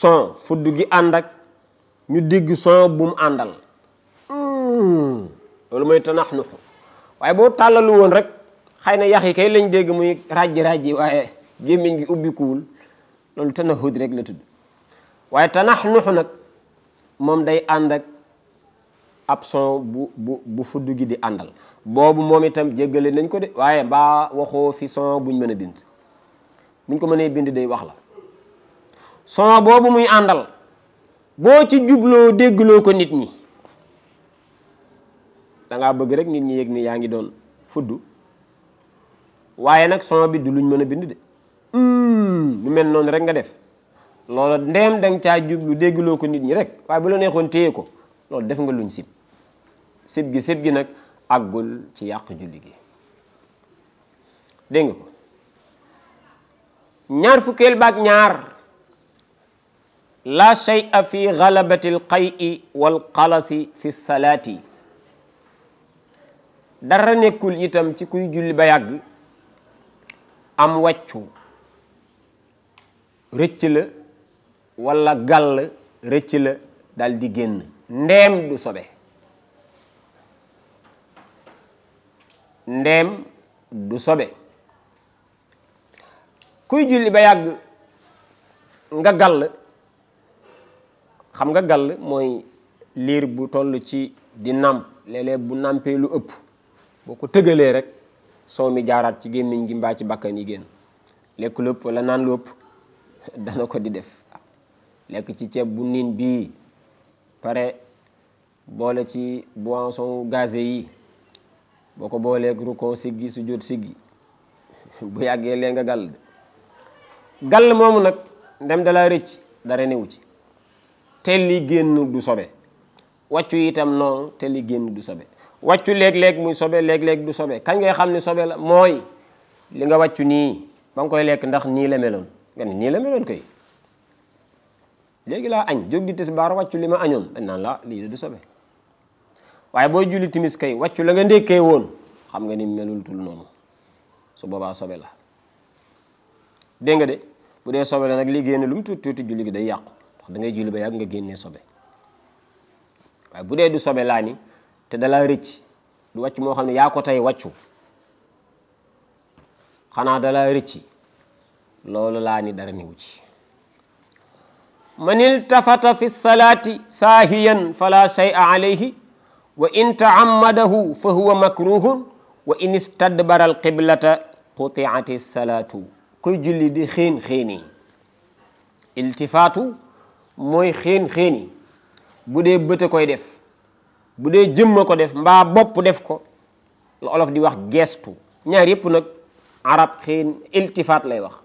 A: son fuddu gi ànd ñu dégg son bu mu àndal hmm, loolu mooy tanaxnuxu waaye boo tàllalu woon rek xëy na yax yi kay lañ dégg muy ràjji ràjji waaye gémmiñ gi ubbikuwul loolu tanahud rek la tudd waaye tanax nuxu nag moom day ànd ak ab son bu bu fudd gi di àndal boobu moom itam jéggale nañ ko de waaye baa waxoo fi son buñ mën a bind buñ ko mënee bind day wax la son boobu muy àndal boo ci jubloo déggloo ko nit ñi dangaa bëgg rek nit ñi yëg ni yaa ngi doon fudd waaye nag son bi du luñ mën a bind de hmm, lu mel noonu rek nga def loola ndeem da nga caa jublu déggloo ko nit ñi rek waaye bu la neexoon téye ko loolu def nga luñ sib sib gi sib gi nag àggul ci yàq julli gi dégg nga ko ñaar fukkeel baak ñaar la shay'a fi galabati alqay'i wal qalasi fi salaati dara nekkul itam ci kuy julli ba yàgg am waccu rëcc la walla gàll rëcc la dal di génn ndeem du sobe ndeem du sobe kuy julli ba yàgg nga gàll xam nga gàll mooy liir bu toll ci di nàmp léeg bu nampee lu ëpp boo ko tëgalee rek soow mi jaaraat ci génn gi mbaa ci bakkan yi génn lekk lu ëpp wala naan lu ëpp dana ko di def lekk ci ceeb bu niin bi pare boole ci boisson gazé yi boo ko booleeg rukon siggi su jot siggi bu yàggee lee nga gàll gàll moomu nag ndem dalaa rëcc dara newu ci te lii génn du sobe wàccu itam noonu te li génn du sobe wàccu léeg-léeg muy sobe léeg-léeg du sobe kañ ngay xam ni sobe la mooy li nga wàccu nii ba nga koy lekk ndax nii la meloon nga ni nii la meloon koy léegi laa añ jóg di tisbaar wàccu li ma añoon dañ naan la lii du sobe waaye booy julli timis kay wàccu la nga ndékkee woon xam nga ni melul tul noonu su boobaa sobe la dégg nga de bu dee sobe la nag génne lu mu tuuti tuuti julli gi day yàqu dangay da ngay julli ba yàgg nga génnee sobe waaye bu dee du sobe laa ni te dalaa rëcc du wàcc moo xam ne yaa ko tey wàccu xanaa dalaa rëcci loolu laa ni dara ni wu ci man iltafata fi salaati saahiyan fala shay'a alayhi wa in taammadahu fa huwa makruhun wa in istadbara alqiblata qutiati salaatu kuy julli di xéen xéeni iltifaatu mooy xéen xéeni bu dee bëte koy def bu dee jëmma ko def mbaa bopp def ko la olof di wax gestu ñaar yëpp nag arab xéen iltifaat lay wax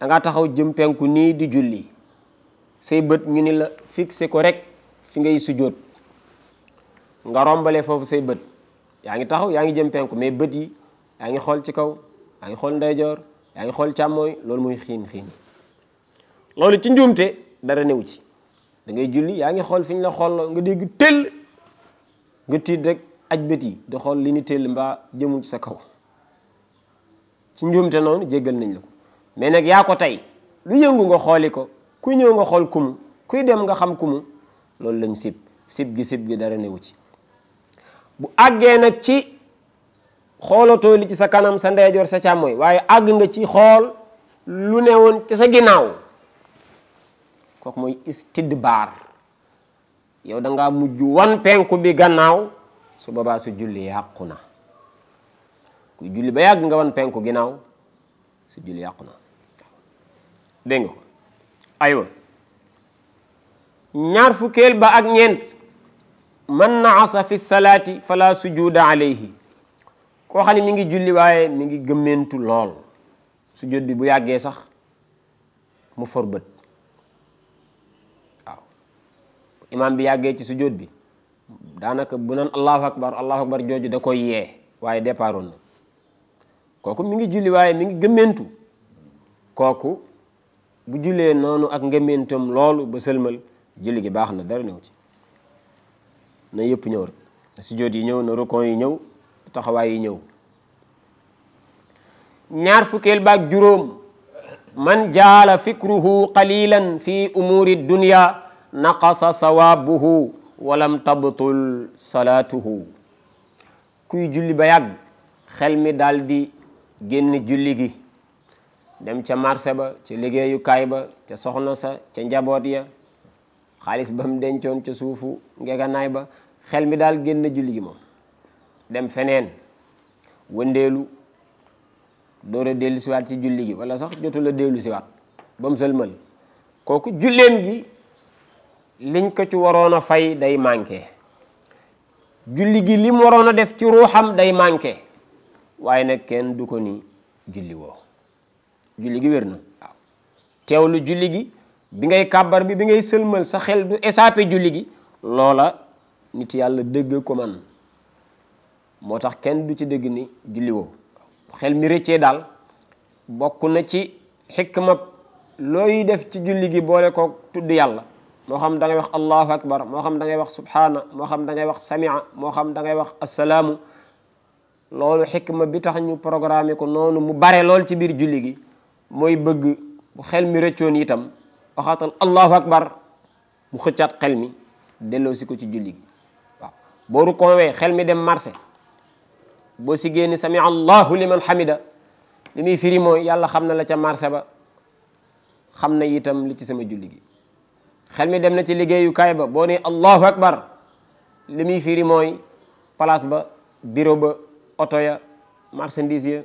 A: da nga taxaw jëm penku nii di julli say bët ñu ni la fixé ko rek fi ngay sujjóot nga rombale foofu say bët yaa ngi taxaw yaa ngi jëm penku mais bët yi yaa ngi xool ci kaw yaa ngi xool ndeyjoor yaa ngi xool càmmooy loolu mooy xiin xiin loolu ci njuumte dara newu ci dangay ngay julli yaa ngi xool fi ñu la xool nga dégg tëll nga tiit rek aj bët yi di xool li ni tëll mbaa jëmul ci sa kaw ci njuumte noonu jéggal nañ la ko mais nag yaa ko tey lu yëngu nga xooli ko kuy ñëw nga xool kumu kuy dem nga xam kumu loolu lañ sib sib gi sib gi dara newu ci bu àggee nag ci xoolatoo li ci sa kanam sa ndeyjoor sa càmmooy waaye àgg nga ci xool lu ne woon ci sa ginnaaw kooku mooy istidbaar yow da mujj wan penku bi gannaaw su boobaa su julli yàqu na ku julli ba yàgg nga wan penku ginnaaw su julli yàqu na dégg aywa ñaar fukkeel ba ak ñeent man naasa fi salaati fala sujuda alayhi koo xam ne mi ngi julli waaye mi ngi gëmmentu lool sujud bi bu yàggee sax mu for bët imaam bi yàggee ci sujud bi daanaka bu naan allahu akbar allahu akbar jooju da koy yee waaye départoon na kooku mi ngi julli waaye mi ngi gëmmentu kooku bu julee noonu ak ngëmeentam loolu ba sëlmal julli gi baax na dara ñëw ci na yëpp ñëw rek na sujjóot yi ñëw na rukon yi ñëw taxawaay yi ñëw ñaar fukkeel baak juróom man jaala fikruhu qalilan fi umuri dunya naqasa sawaabuhu walam tabtul salaatuhu kuy julli ba yàgg xel mi daldi di génn julli gi dem ca marché ba ca liggéeyukaay ba ca soxna sa ca njaboot ya xaalis ba mu dencoon ca suufu ngeganaay ba xel mi daal génn julli gi moom dem feneen wëndeelu door a dellu siwaat ci julli gi wala sax jotul a dellu siwaat ba mu sëlmal kooku julleem gi liñ ko ci waroon a fay day manqué julli gi li mu waroon a def ci ruuxam day manqué waaye nag kenn du ko ni julli woo julli gi wér na waaw teewlu julli gi bi ngay kàbbar bi bi ngay sëlmal sa xel du échappé julli gi loola nit yàlla dëgg ko man moo tax kenn du ci dégg ni julli woo xel mi rëccee daal bokk na ci xikma looy def ci julli gi boole kook tudd yàlla moo xam da ngay wax allahu akbar moo xam da ngay wax subhaana moo xam da ngay wax samia moo xam da ngay wax assalaamu loolu xikma bi tax ñu programme ko noonu mu bare lool ci biir julli gi mooy bëgg bu xel mi rëccoon itam waxaatal allahu akbar mu xëccaat xel mi delloo si ko ci julli gi waaw boo rukoowee xel mi dem marché boo si génni sami allahu liman hamida li muy firi yàlla xam na la ca marse ba xam na itam li ci sama julli gi xel mi dem na ci liggéeyukaay ba boo ne allahu akbar li muy firi mooy place ba bureau ba oto ya marchandise ya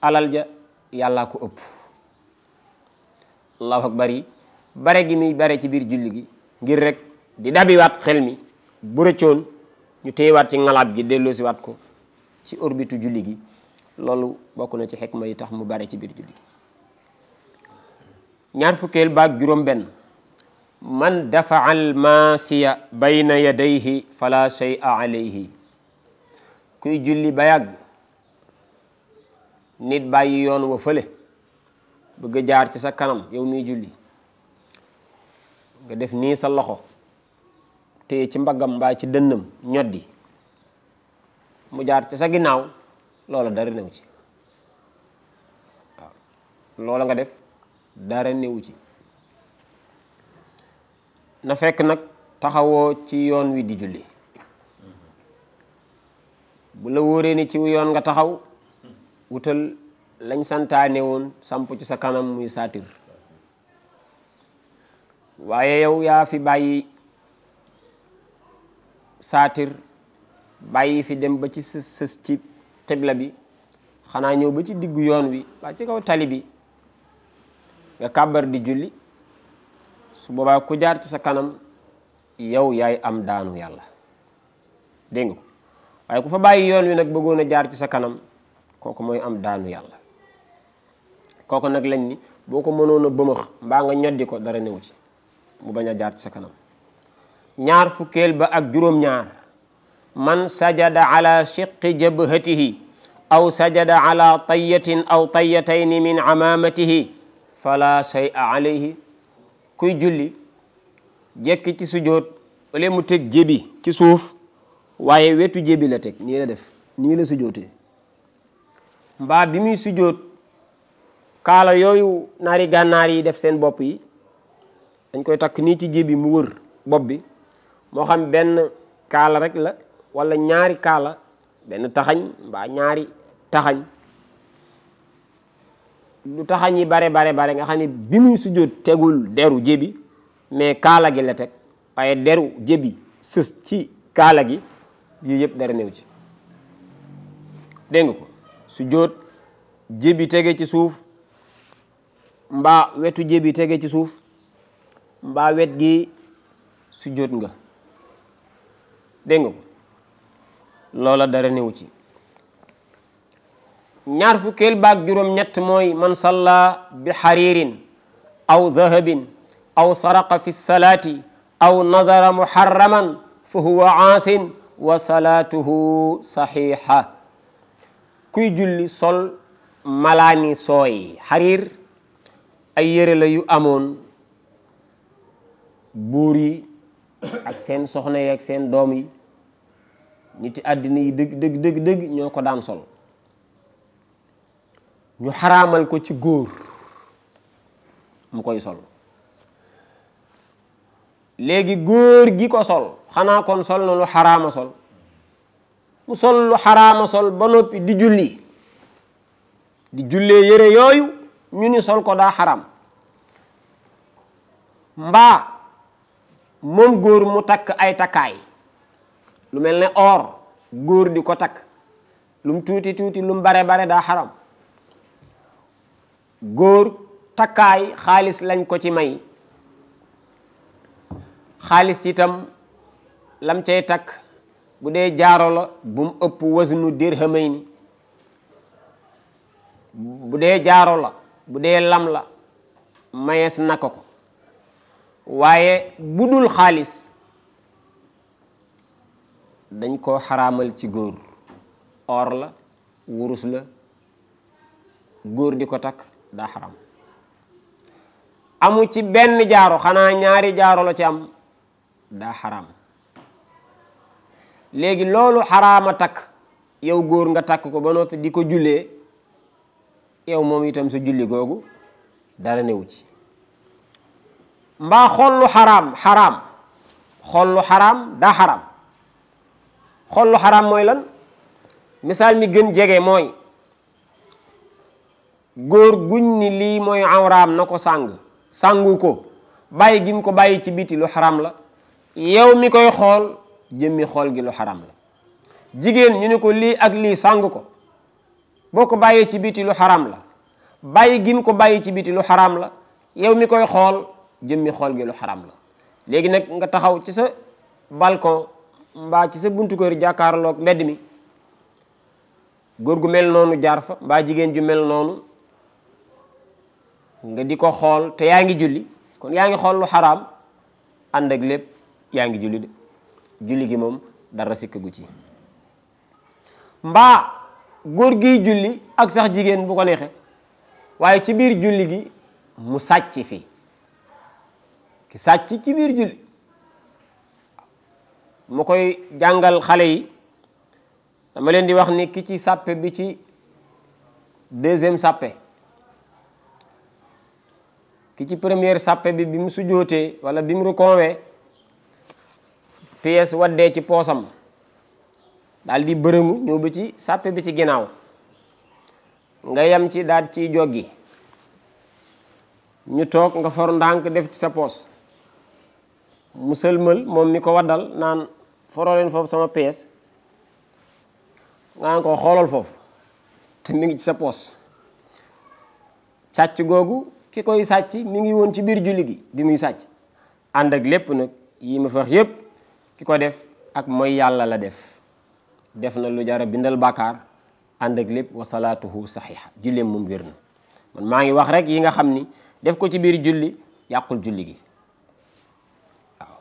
A: alal ja yàllaa ko ëpp allahu akbar yi bare gi muy bare ci biir julli gi ngir rek di dabiwaat xel mi bu rëccoon ñu téyewaat ci ngalaab gi delloosiwaat ko ci orbitu julli gi loolu bokk na ci xikma yi tax mu bare ci biir julli gi ñaar fukkeel baag juróom benn man dafa'a almaasiya bayna yadayhi fala shay'a alayhi kuy julli ba yàgg nit bàyyi yoon wa fële bëgg a jaar ci sa kanam yow miy julli nga def nii sa loxo te ci mbaggam mbaa ci dënnam ñoddi mu jaar ci sa ginnaaw loola dara newu ci waaw nga def dara newu ci na fekk nag taxawoo ci yoon wi di julli bu la wóoree ni ci yoon nga taxaw wutal lañ santaane woon samp ci sa kanam muy saatir waaye yow yaa fi bàyyi saatir bàyyi fi dem ba ci sës sës ci xibla bi xanaa ñëw ba ci diggu yoon wi kaw tali bi nga kàbbar di julli su boobaa ku jaar ci sa kanam yow yaay am daanu yàlla dégg nga ko waaye ku fa bàyyi yoon wi nag bëggoon a jaar ci sa kanam kooku mooy am daanu yàlla kooku nag lañ ni boo ko mënoon a bëmëx mbaa nga ñoddi ko dara newu ci mu bañ a jaar ci sa kanam ñaar fukkeel ba ak juróom-ñaar man sajada ala shiqqi jabhatihi aw sajada ala tayatin aw tayatayni min amamatihi fala shay'a kuy julli jekki ci sujoot wala mu teg jébi ci suuf waaye wetu jébi la teg nii la def nii la sujootee mbaa bi muy kaala yooyu naari gànnaar yi def seen bopp yi dañ koy takk nii ci jibi mu wër bopp bi moo xam benn kaala rek la wala ñaari kaala benn taxañ mbaa ñaari taxañ lu taxañ yi bare bare bare nga xam ne bi muy sujjóot tegul deru jébi mais kaala gi la teg waaye deru jébi sës ci kaala gi yu yëpp dara néew ci dégg nga ko sujjóot jébi tege ci suuf mbaa wetu jébi tege ci suuf mbaa wet gi su jot nga dégg nga ko loola dara newu ci ñaar fukkeel baag juróom ñett mooy man salla bi xariirin aw dahabin aw saraqa fi salaati aw nadara muharraman fa huwa aasin wa salaatuhu saxiixa kuy julli sol malaani sooy xariir ay yére la yu amoon buur yi ak seen soxna yi ak seen doom yi niti àddina yi dëgg dëgg dëgg ñoo ko daan sol ñu xaraamal ko ci góor mu koy sol léegi góor gi ko sol xanaa kon sol na lu xaraama sol mu sol lu xaraama sol ba noppi di julli di jullee yére yooyu ñu ni sol ko daa xaram mbaa moom góor mu takk ay takkaay lu mel ne or góor di ko takk lum tuuti tuuti lum bare bare daa xaram góor takkaay xaalis lañ ko ci may xaalis itam lam cay takk bu dee jaaro la bu mu ëpp wasnu dirhamayni bu dee jaaro la bu dee lam la mayees na ko ko waaye bu dul xaalis dañ koo xaraamal ci góor or la wurus la góor di ko takk daa xaram amu ci benn jaaro xanaa ñaari jaaro la ci am daa xaram léegi loolu xaraama takk yow góor nga takk ko ba noppi di ko jullee yow moom itam sa julli googu dara newu ci mbaa xaram xaraam xaraam xollu xaraam daa xaraam xollu xaraam mooy lan misaal mi gën jege mooy góor guñ ni lii mooy awraam na ko sàng sàngu ko bàyyi gi mu ko bàyyi ci biti lu xaram la yow mi koy xool jëmmi xool gi lu xaram la jigéen ñu ne ko lii ak lii sàng ko boo ko bàyyee ci biti lu xaram la bàyyi gim ko bàyyi ci biti lu xaram la yow mi koy xool jëmmi xool gi lu xaram la léegi nag nga taxaw ci sa balcon mbaa ci sa buntu kër jàkkaarloog mbedd mi góor gu mel noonu jaar fa mbaa jigéen ju mel noonu nga di ko xool te yaa ngi julli kon yaa ngi xool lu xaraam ànd ak lépp yaa ngi julli de julli gi moom dara sikk gu ci mbaa góor giy julli ak sax jigéen bu ko neexee waaye ci biir julli gi mu sàcc fi ki sàcc ci biir julli mu koy jàngal xale yi dama leen di wax ni ki ci sàppe bi ci deuxième sàppe ki ci première sàppe bi bi mu sujootee wala bi mu rukoowee pièce waddee ci poosam daal di bërëngu ñëw ba ci sàppe bi ci ginnaaw nga yam ci daal ciy joggi ñu toog nga for ndànk def ci sa poos mu sëlmal moom mi ko waddal naan foroo leen foofu sama pièce nga naan ko xoolal foofu te mi ngi ci sa poos sàcc googu ki koy sàcc mi ngi woon ci biir julli gi bi muy sàcc ànd ak lépp nag yi ma fax yépp ki ko def ak mooy yàlla la def def na lu jara bindal bàkkaar ànd ak lépp wa salaatuhu saxiixa julleem moom na maa ngi wax rek yi nga xam ni def ko ci biir julli yàqul julli gi waaw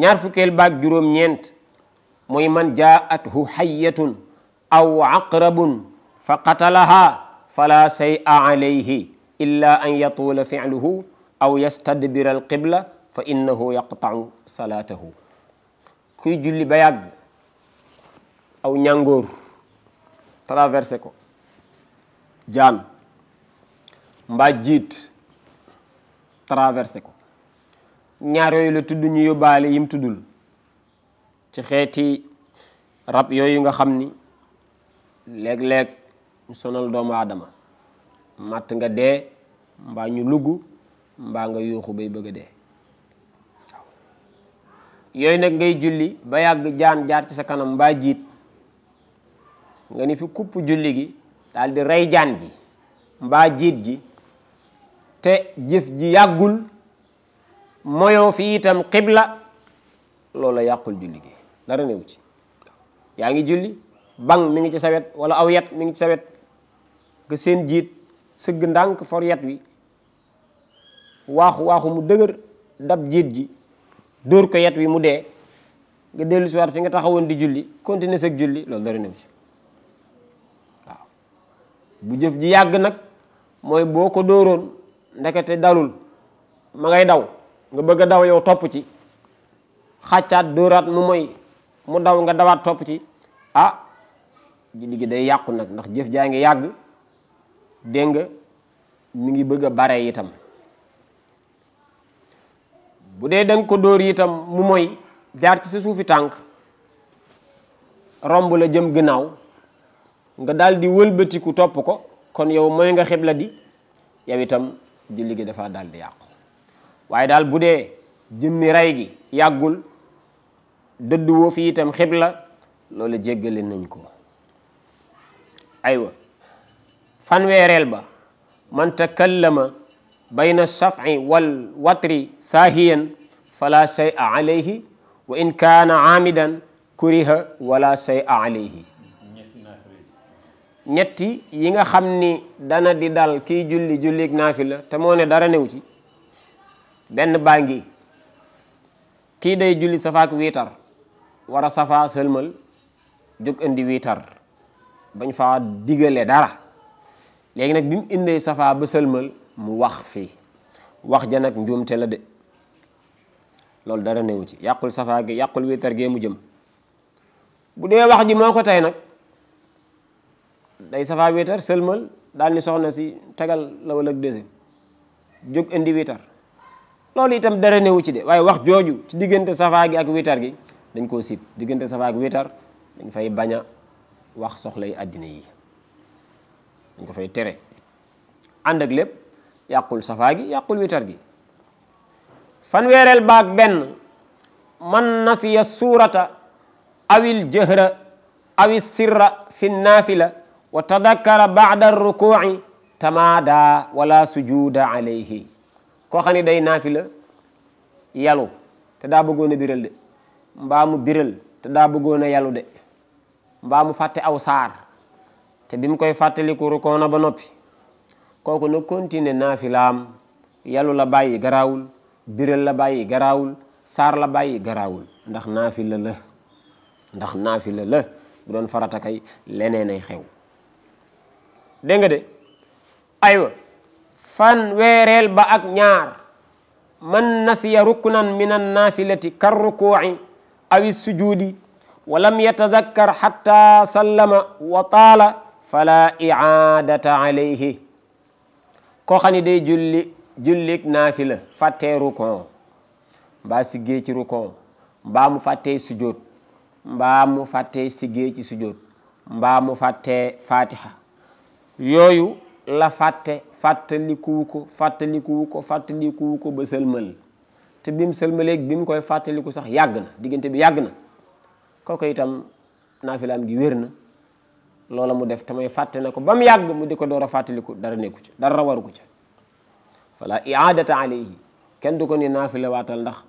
A: ñaar baag juróom-ñeent mooy man jaathu xayyatun aw aqrabun fa qatalaha fala shay'a alayhi illa an yatuula fi'luhu aw yastadbira alqibla fa innahu yaqta'u salaatahu kuy julli aw ñàngoor traversé ko jaan mbaa jiit traversé ko ñaar yooyu la tudd ñu yóbbaale yim tuddul ci xeeti rab yooyu nga xam ni léeg-léeg ñu sonal doomu aadama màtt nga dee mbaa ñu lugg mbaa nga yuuxu bay bëgg a dee yooyu nag ngay julli ba yàgg jaan jaar ci sa kanam mbaa jiit nga ni fi kupp julli gi daal di rey jaan ji mbaa jiit ji te jëf ji yàggul moyoo fii itam xibla loola yàqul julli gi dara newu ci yaa ngi julli bang mi ngi ci sawet wala aw yet mi ngi ci sawet nga seen jiit sëgg ndànk for yet wi waax waaxu mu dëgër dab jiit ji dóor ko yet wi mu dee nga dellu si waat fi nga taxawoon di julli continuer sag julli loolu dara newu ci bu jëf ji yàgg nag mooy boo ko dóoroon ndekete dalul ma ngay daw nga bëgg a daw yow topp ci xàccaat dóoraat mu mooy mu daw nga dawaat topp ci ah julli gi day yàqu nag ndax jëf jaa ngi yàgg dégg nga mi ngi bëgg a bare itam bu dee dang ko dóor itam mu mooy jaar ci sa suufi tànk romb la jëm gannaaw nga daldi di wëlbatiku topp ko kon yow mooy nga xibla di yow itam julli gi dafa daal di yàqu waaye daal bu dee jëmmi ray gi yàggul dëdd woo fi itam xibla loolu jéggale nañ ko aywa fanweereel ba man takallama bayna safi wal watri saahiyan fala shay'a alayhi wa in kaana aamidan kuriha wala shay'a alayhi ñetti yi nga xam ni dana di dal ki julli jullig naafila te moo ne dara new ci benn baa ngi kii day julli safaak wiitar war a safa sëlmal jóg indi wiitar bañ fa digale dara léegi nag bi mu indee safa ba sëlmal mu wax fii wax ja nag njuumte la de loolu dara newu ci yàqul safa yàqul wiitar gee mu jëm bu dee wax ji moo ko tey nag day safa wiitar sëlmal daal ni soxna si tegal la wala deuxième jóg indi wiitar loolu itam dara newu ci de waaye wax jooju ci diggante safa gi ak witar gi dañ koo sib diggante safa ak wiitar dañ fay bañ wax soxla yi àddina yi dañ ko fay tere ànd ak lépp yàqul safa gi yàqul witar gi fanweereel baag benn man nasiya suurata awil jëhra awil sirra fi naafila wa tadakkara baada rukuci tamaada wala sujuda alayhi koo xam ne day naafila yalu te daa bëggoon a biral de mbaa biral te daa bëggoon a yalu de mbaa mu fàtte aw saar te bi koy fàttaliku rukoo na ba noppi kooku na continuer naafilaam yalu la bàyyi garaawul biral la bàyyi garaawul saar la bàyyi garawul ndax naafila la ndax naafila la bu doon farata kay leneen ay xew dégg de aywa fanweereel ba ak ñaar man nasiya ruknan min annafilati kar rukuuci awi sujudi wa lam yatadakkar xatta sallama wa fala icaadata alayhi koo xam day jullik naafila fàttee rukon mbaa siggee ci rukon mbaa mu fàttee sujjóot mbaa mu fàttee siggee ci sujjóot mu fàttee fatiha yooyu la fàtte fàttalikuwu ko fàttalikuwu ko fàttalikuwu ko ba sëlmal te bi mu sëlmaleeg bi mu koy fàttaliku sax yàgg na diggante bi yàgg na kooku itam naafilaam gi wér na loola mu def tamay fàtte na ko ba mu yàgg mu di ko door a fàttaliku dara nekku ca dara waru ko ca fala iadata alayhi kenn du ko ni naafila waatal ndax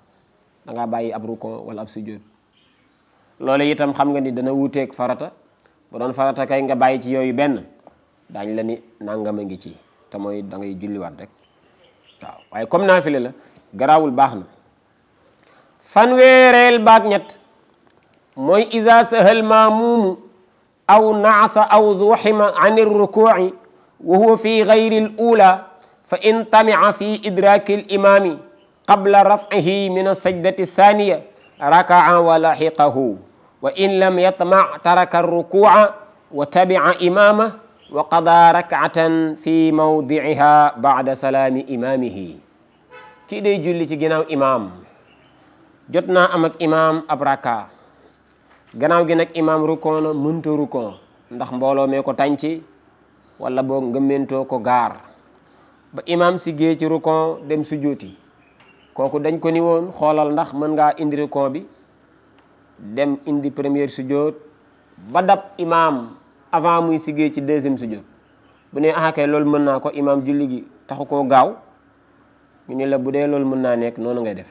A: danga bàyyi ab rukon wala ab sujjóot loolu itam xam nga ni dana wuuteeg farata ba doon farata kay nga bàyyi ci yooyu benn daañ la ni nangam a ngi ci te mooy da ngay julliwaat rek waaw waaye comme naafile la garaawul baax na fanweereel baag ñett mooy isa sahal maamuumu aw naasa aw zuxima an irrukuci wa huwa fi gayri l ula fa in tamica fi idraaki l imaami qabla rafcihi min alsajdati saaniya rakaca wa laxiqahu wa in lam yatmac taraka arrukuca wa tabica imaamah wa qadaa rak'atan fi mawdi'iha ba'da salaami imaamihi kii day julli ci ginnaaw imaam jot naa am ak imaam ab rakka gannaaw gi nag imaam rukkoon na rukkoon ndax mbooloo mee ko tànci walla boog ngëmmentoo ko gaar ba imaam si gée ci rukkoon dem sujjóoti kooku dañ ko ni xoolal ndax mën ngaa indi rukkoon bi dem indi première sujjóot ba dab imaam avant muy siggéey ci deuxième sujjóot bu ne ah kay loolu mën naa ko imaam julli gi taxu koo gaaw ñu ne la bu dee lool mën naa nekk noonu ngay def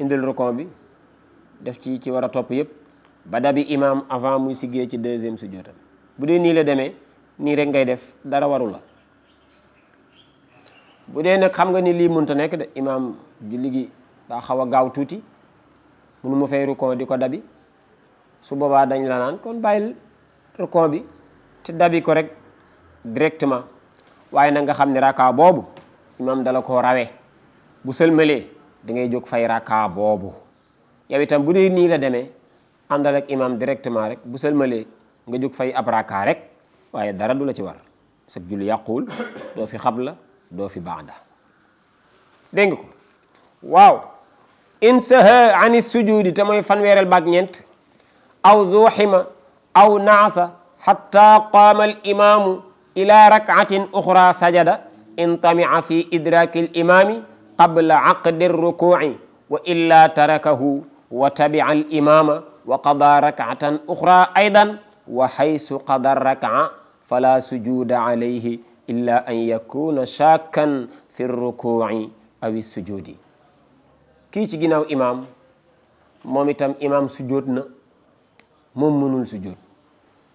A: indil rukon bi def ci ci war a topp yëpp ba dabi imaam avant muy siggee ci deuxième sujjóotam bu dee nii la demee nii rek ngay def dara warula bu dee nag xam nga ni lii mënta nekk de imaam julli gi daa xaw a gaaw tuuti mënu mu fay di ko dabi su boobaa dañ la naan kon bàyyil rukon bi te dabi ko rek directement waaye na nga xam ne raka boobu imam dala koo rawee bu sëlmalee da ngay jóg fay raka boobu yow itam bu dee nii la demee àndal ak imam directement rek bu sëlmalee nga jóg fay abraka rek waaye dara du la ci war sa jul yàquwul doo fi xabla doo fi baada dégg ko waaw in saha ani sujudi te mooy fanweereel baag ñeent aw zuuxima aw naasa xatta qaama al imaamu ila rakaatin uxra sajada intamica fi idraaki al imaami qabla caqdi rukuuci wa illa tarakahu wa tabica al imaama wa qada rakcatan uxra aydan wa xaysu qada rakca fala sujuuda calayhi illa an yakuna shakkan fi rukuuci awi sujuudi kii ci ginnaaw imaam moom itam imaam sujuud na moom mënul sujjóot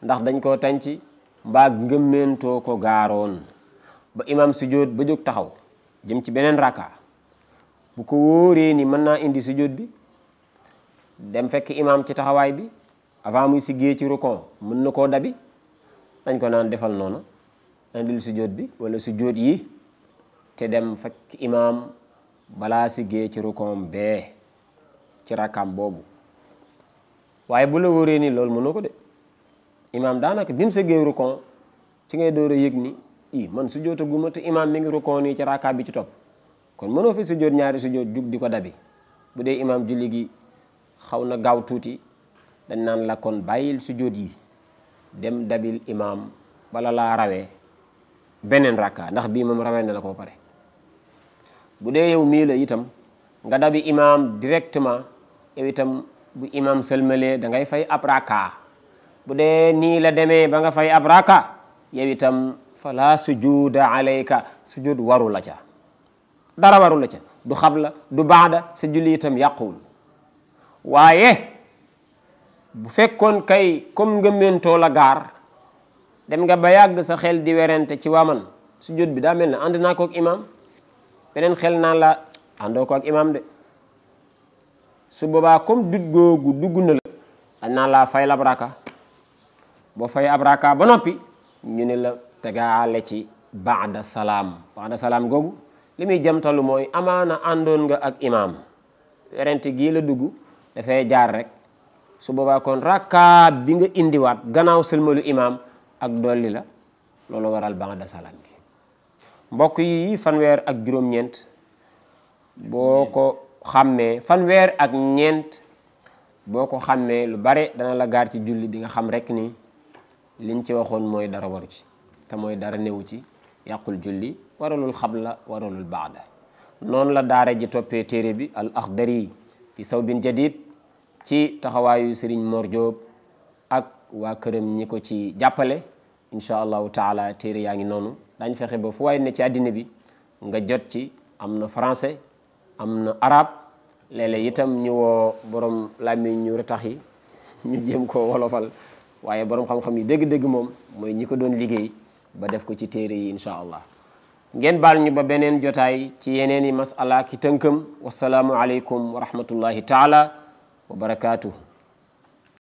A: ndax dañ koo tànc mbaa ngëmmeentoo ko gaaroon ba imam sujjóot ba jóg taxaw jëm ci beneen raka bu ko wóoree ni mën naa indi sujjóot bi dem fekk imam ci taxawaay bi avant muy siggee ci rukon mën na koo dabi dañ ko naan defal noonu indil sujjóot bi wala sujjóot yi te dem fekk imam balaa siggee ci rukon bee ci rakam boobu waaye bu la wóoree ni loolu mënoo ko de imaam daanaka bi mu sëggee rukon ci ngay door a yëg ni i man su jootaguma te imaam mi ngi rukon nii ci rakaa bi ci topp kon mënoo fi su joot ñaari jug di ko dabi bu dee imaam julli gi xaw na gaaw tuuti dañ naan la kon bàyyil su joot yi dem dabil imaam bala laa rawee beneen rakka ndax bii moom rawee na la ko pare bu dee yow mii la nga dabi imaam directement yow itam bu imam sëlmalee da fay ab bu dee nii la demee ba nga fay ab raka yow itam fala sujuda alayka sujud waru ca dara waru la ca du xabla du baada sa julli itam yàquwul waaye bu fekkoon kay comme nga mentoo gaar dem nga ba yàgg sa xel di werante ci waaman sujud bi daa mel ne ànd kook imam beneen xel naan la àndoo kook imam de su boobaa comme dut googu dugg na la dañ naan laa fay ab raka boo fay ab raka ba noppi ñu ne la tegaale ci baada salaam baada salaam googu li muy jamtalu mooy amaana àndoon nga ak imaam werante gii la dugg dafay jaar rek su boobaa kon rakka bi nga indiwaat gannaaw sëlmalu imaam ak dolli la loolu waral baada salaam bi mbokk yi fanweer ak juróom-ñeent boo ko xàmmee fanweer ak ñeent boo ko xàmmee lu bare dana la gaar ci julli di nga xam rek ni liñ ci waxoon mooy dara waru ci te mooy dara newu ci yàqul julli waralul xabla waralul baada noonu la daara ji toppee téere bi al axdari fi sawbin jadid ci taxawaayu sëriñ Mor Diop ak waa këram ñi ko ci jàppale incha allahu taala téere yaa ngi noonu dañ fexe ba fu waay ne ci àddina bi nga jot ci am na français am na arab léeg-léeg itam ñu borom làmmiñ ñu retax yi ñu jéem ko wolofal waaye borom xam-xam yi dégg-dégg moom mooy ñi ko doon liggéey ba def ko ci téere yi incha allah ngeen baal ñu ba beneen jotaay ci yeneen i masala ki tënkam wasalaamu aleykum wa rahmatullahi taala wa barakaatu.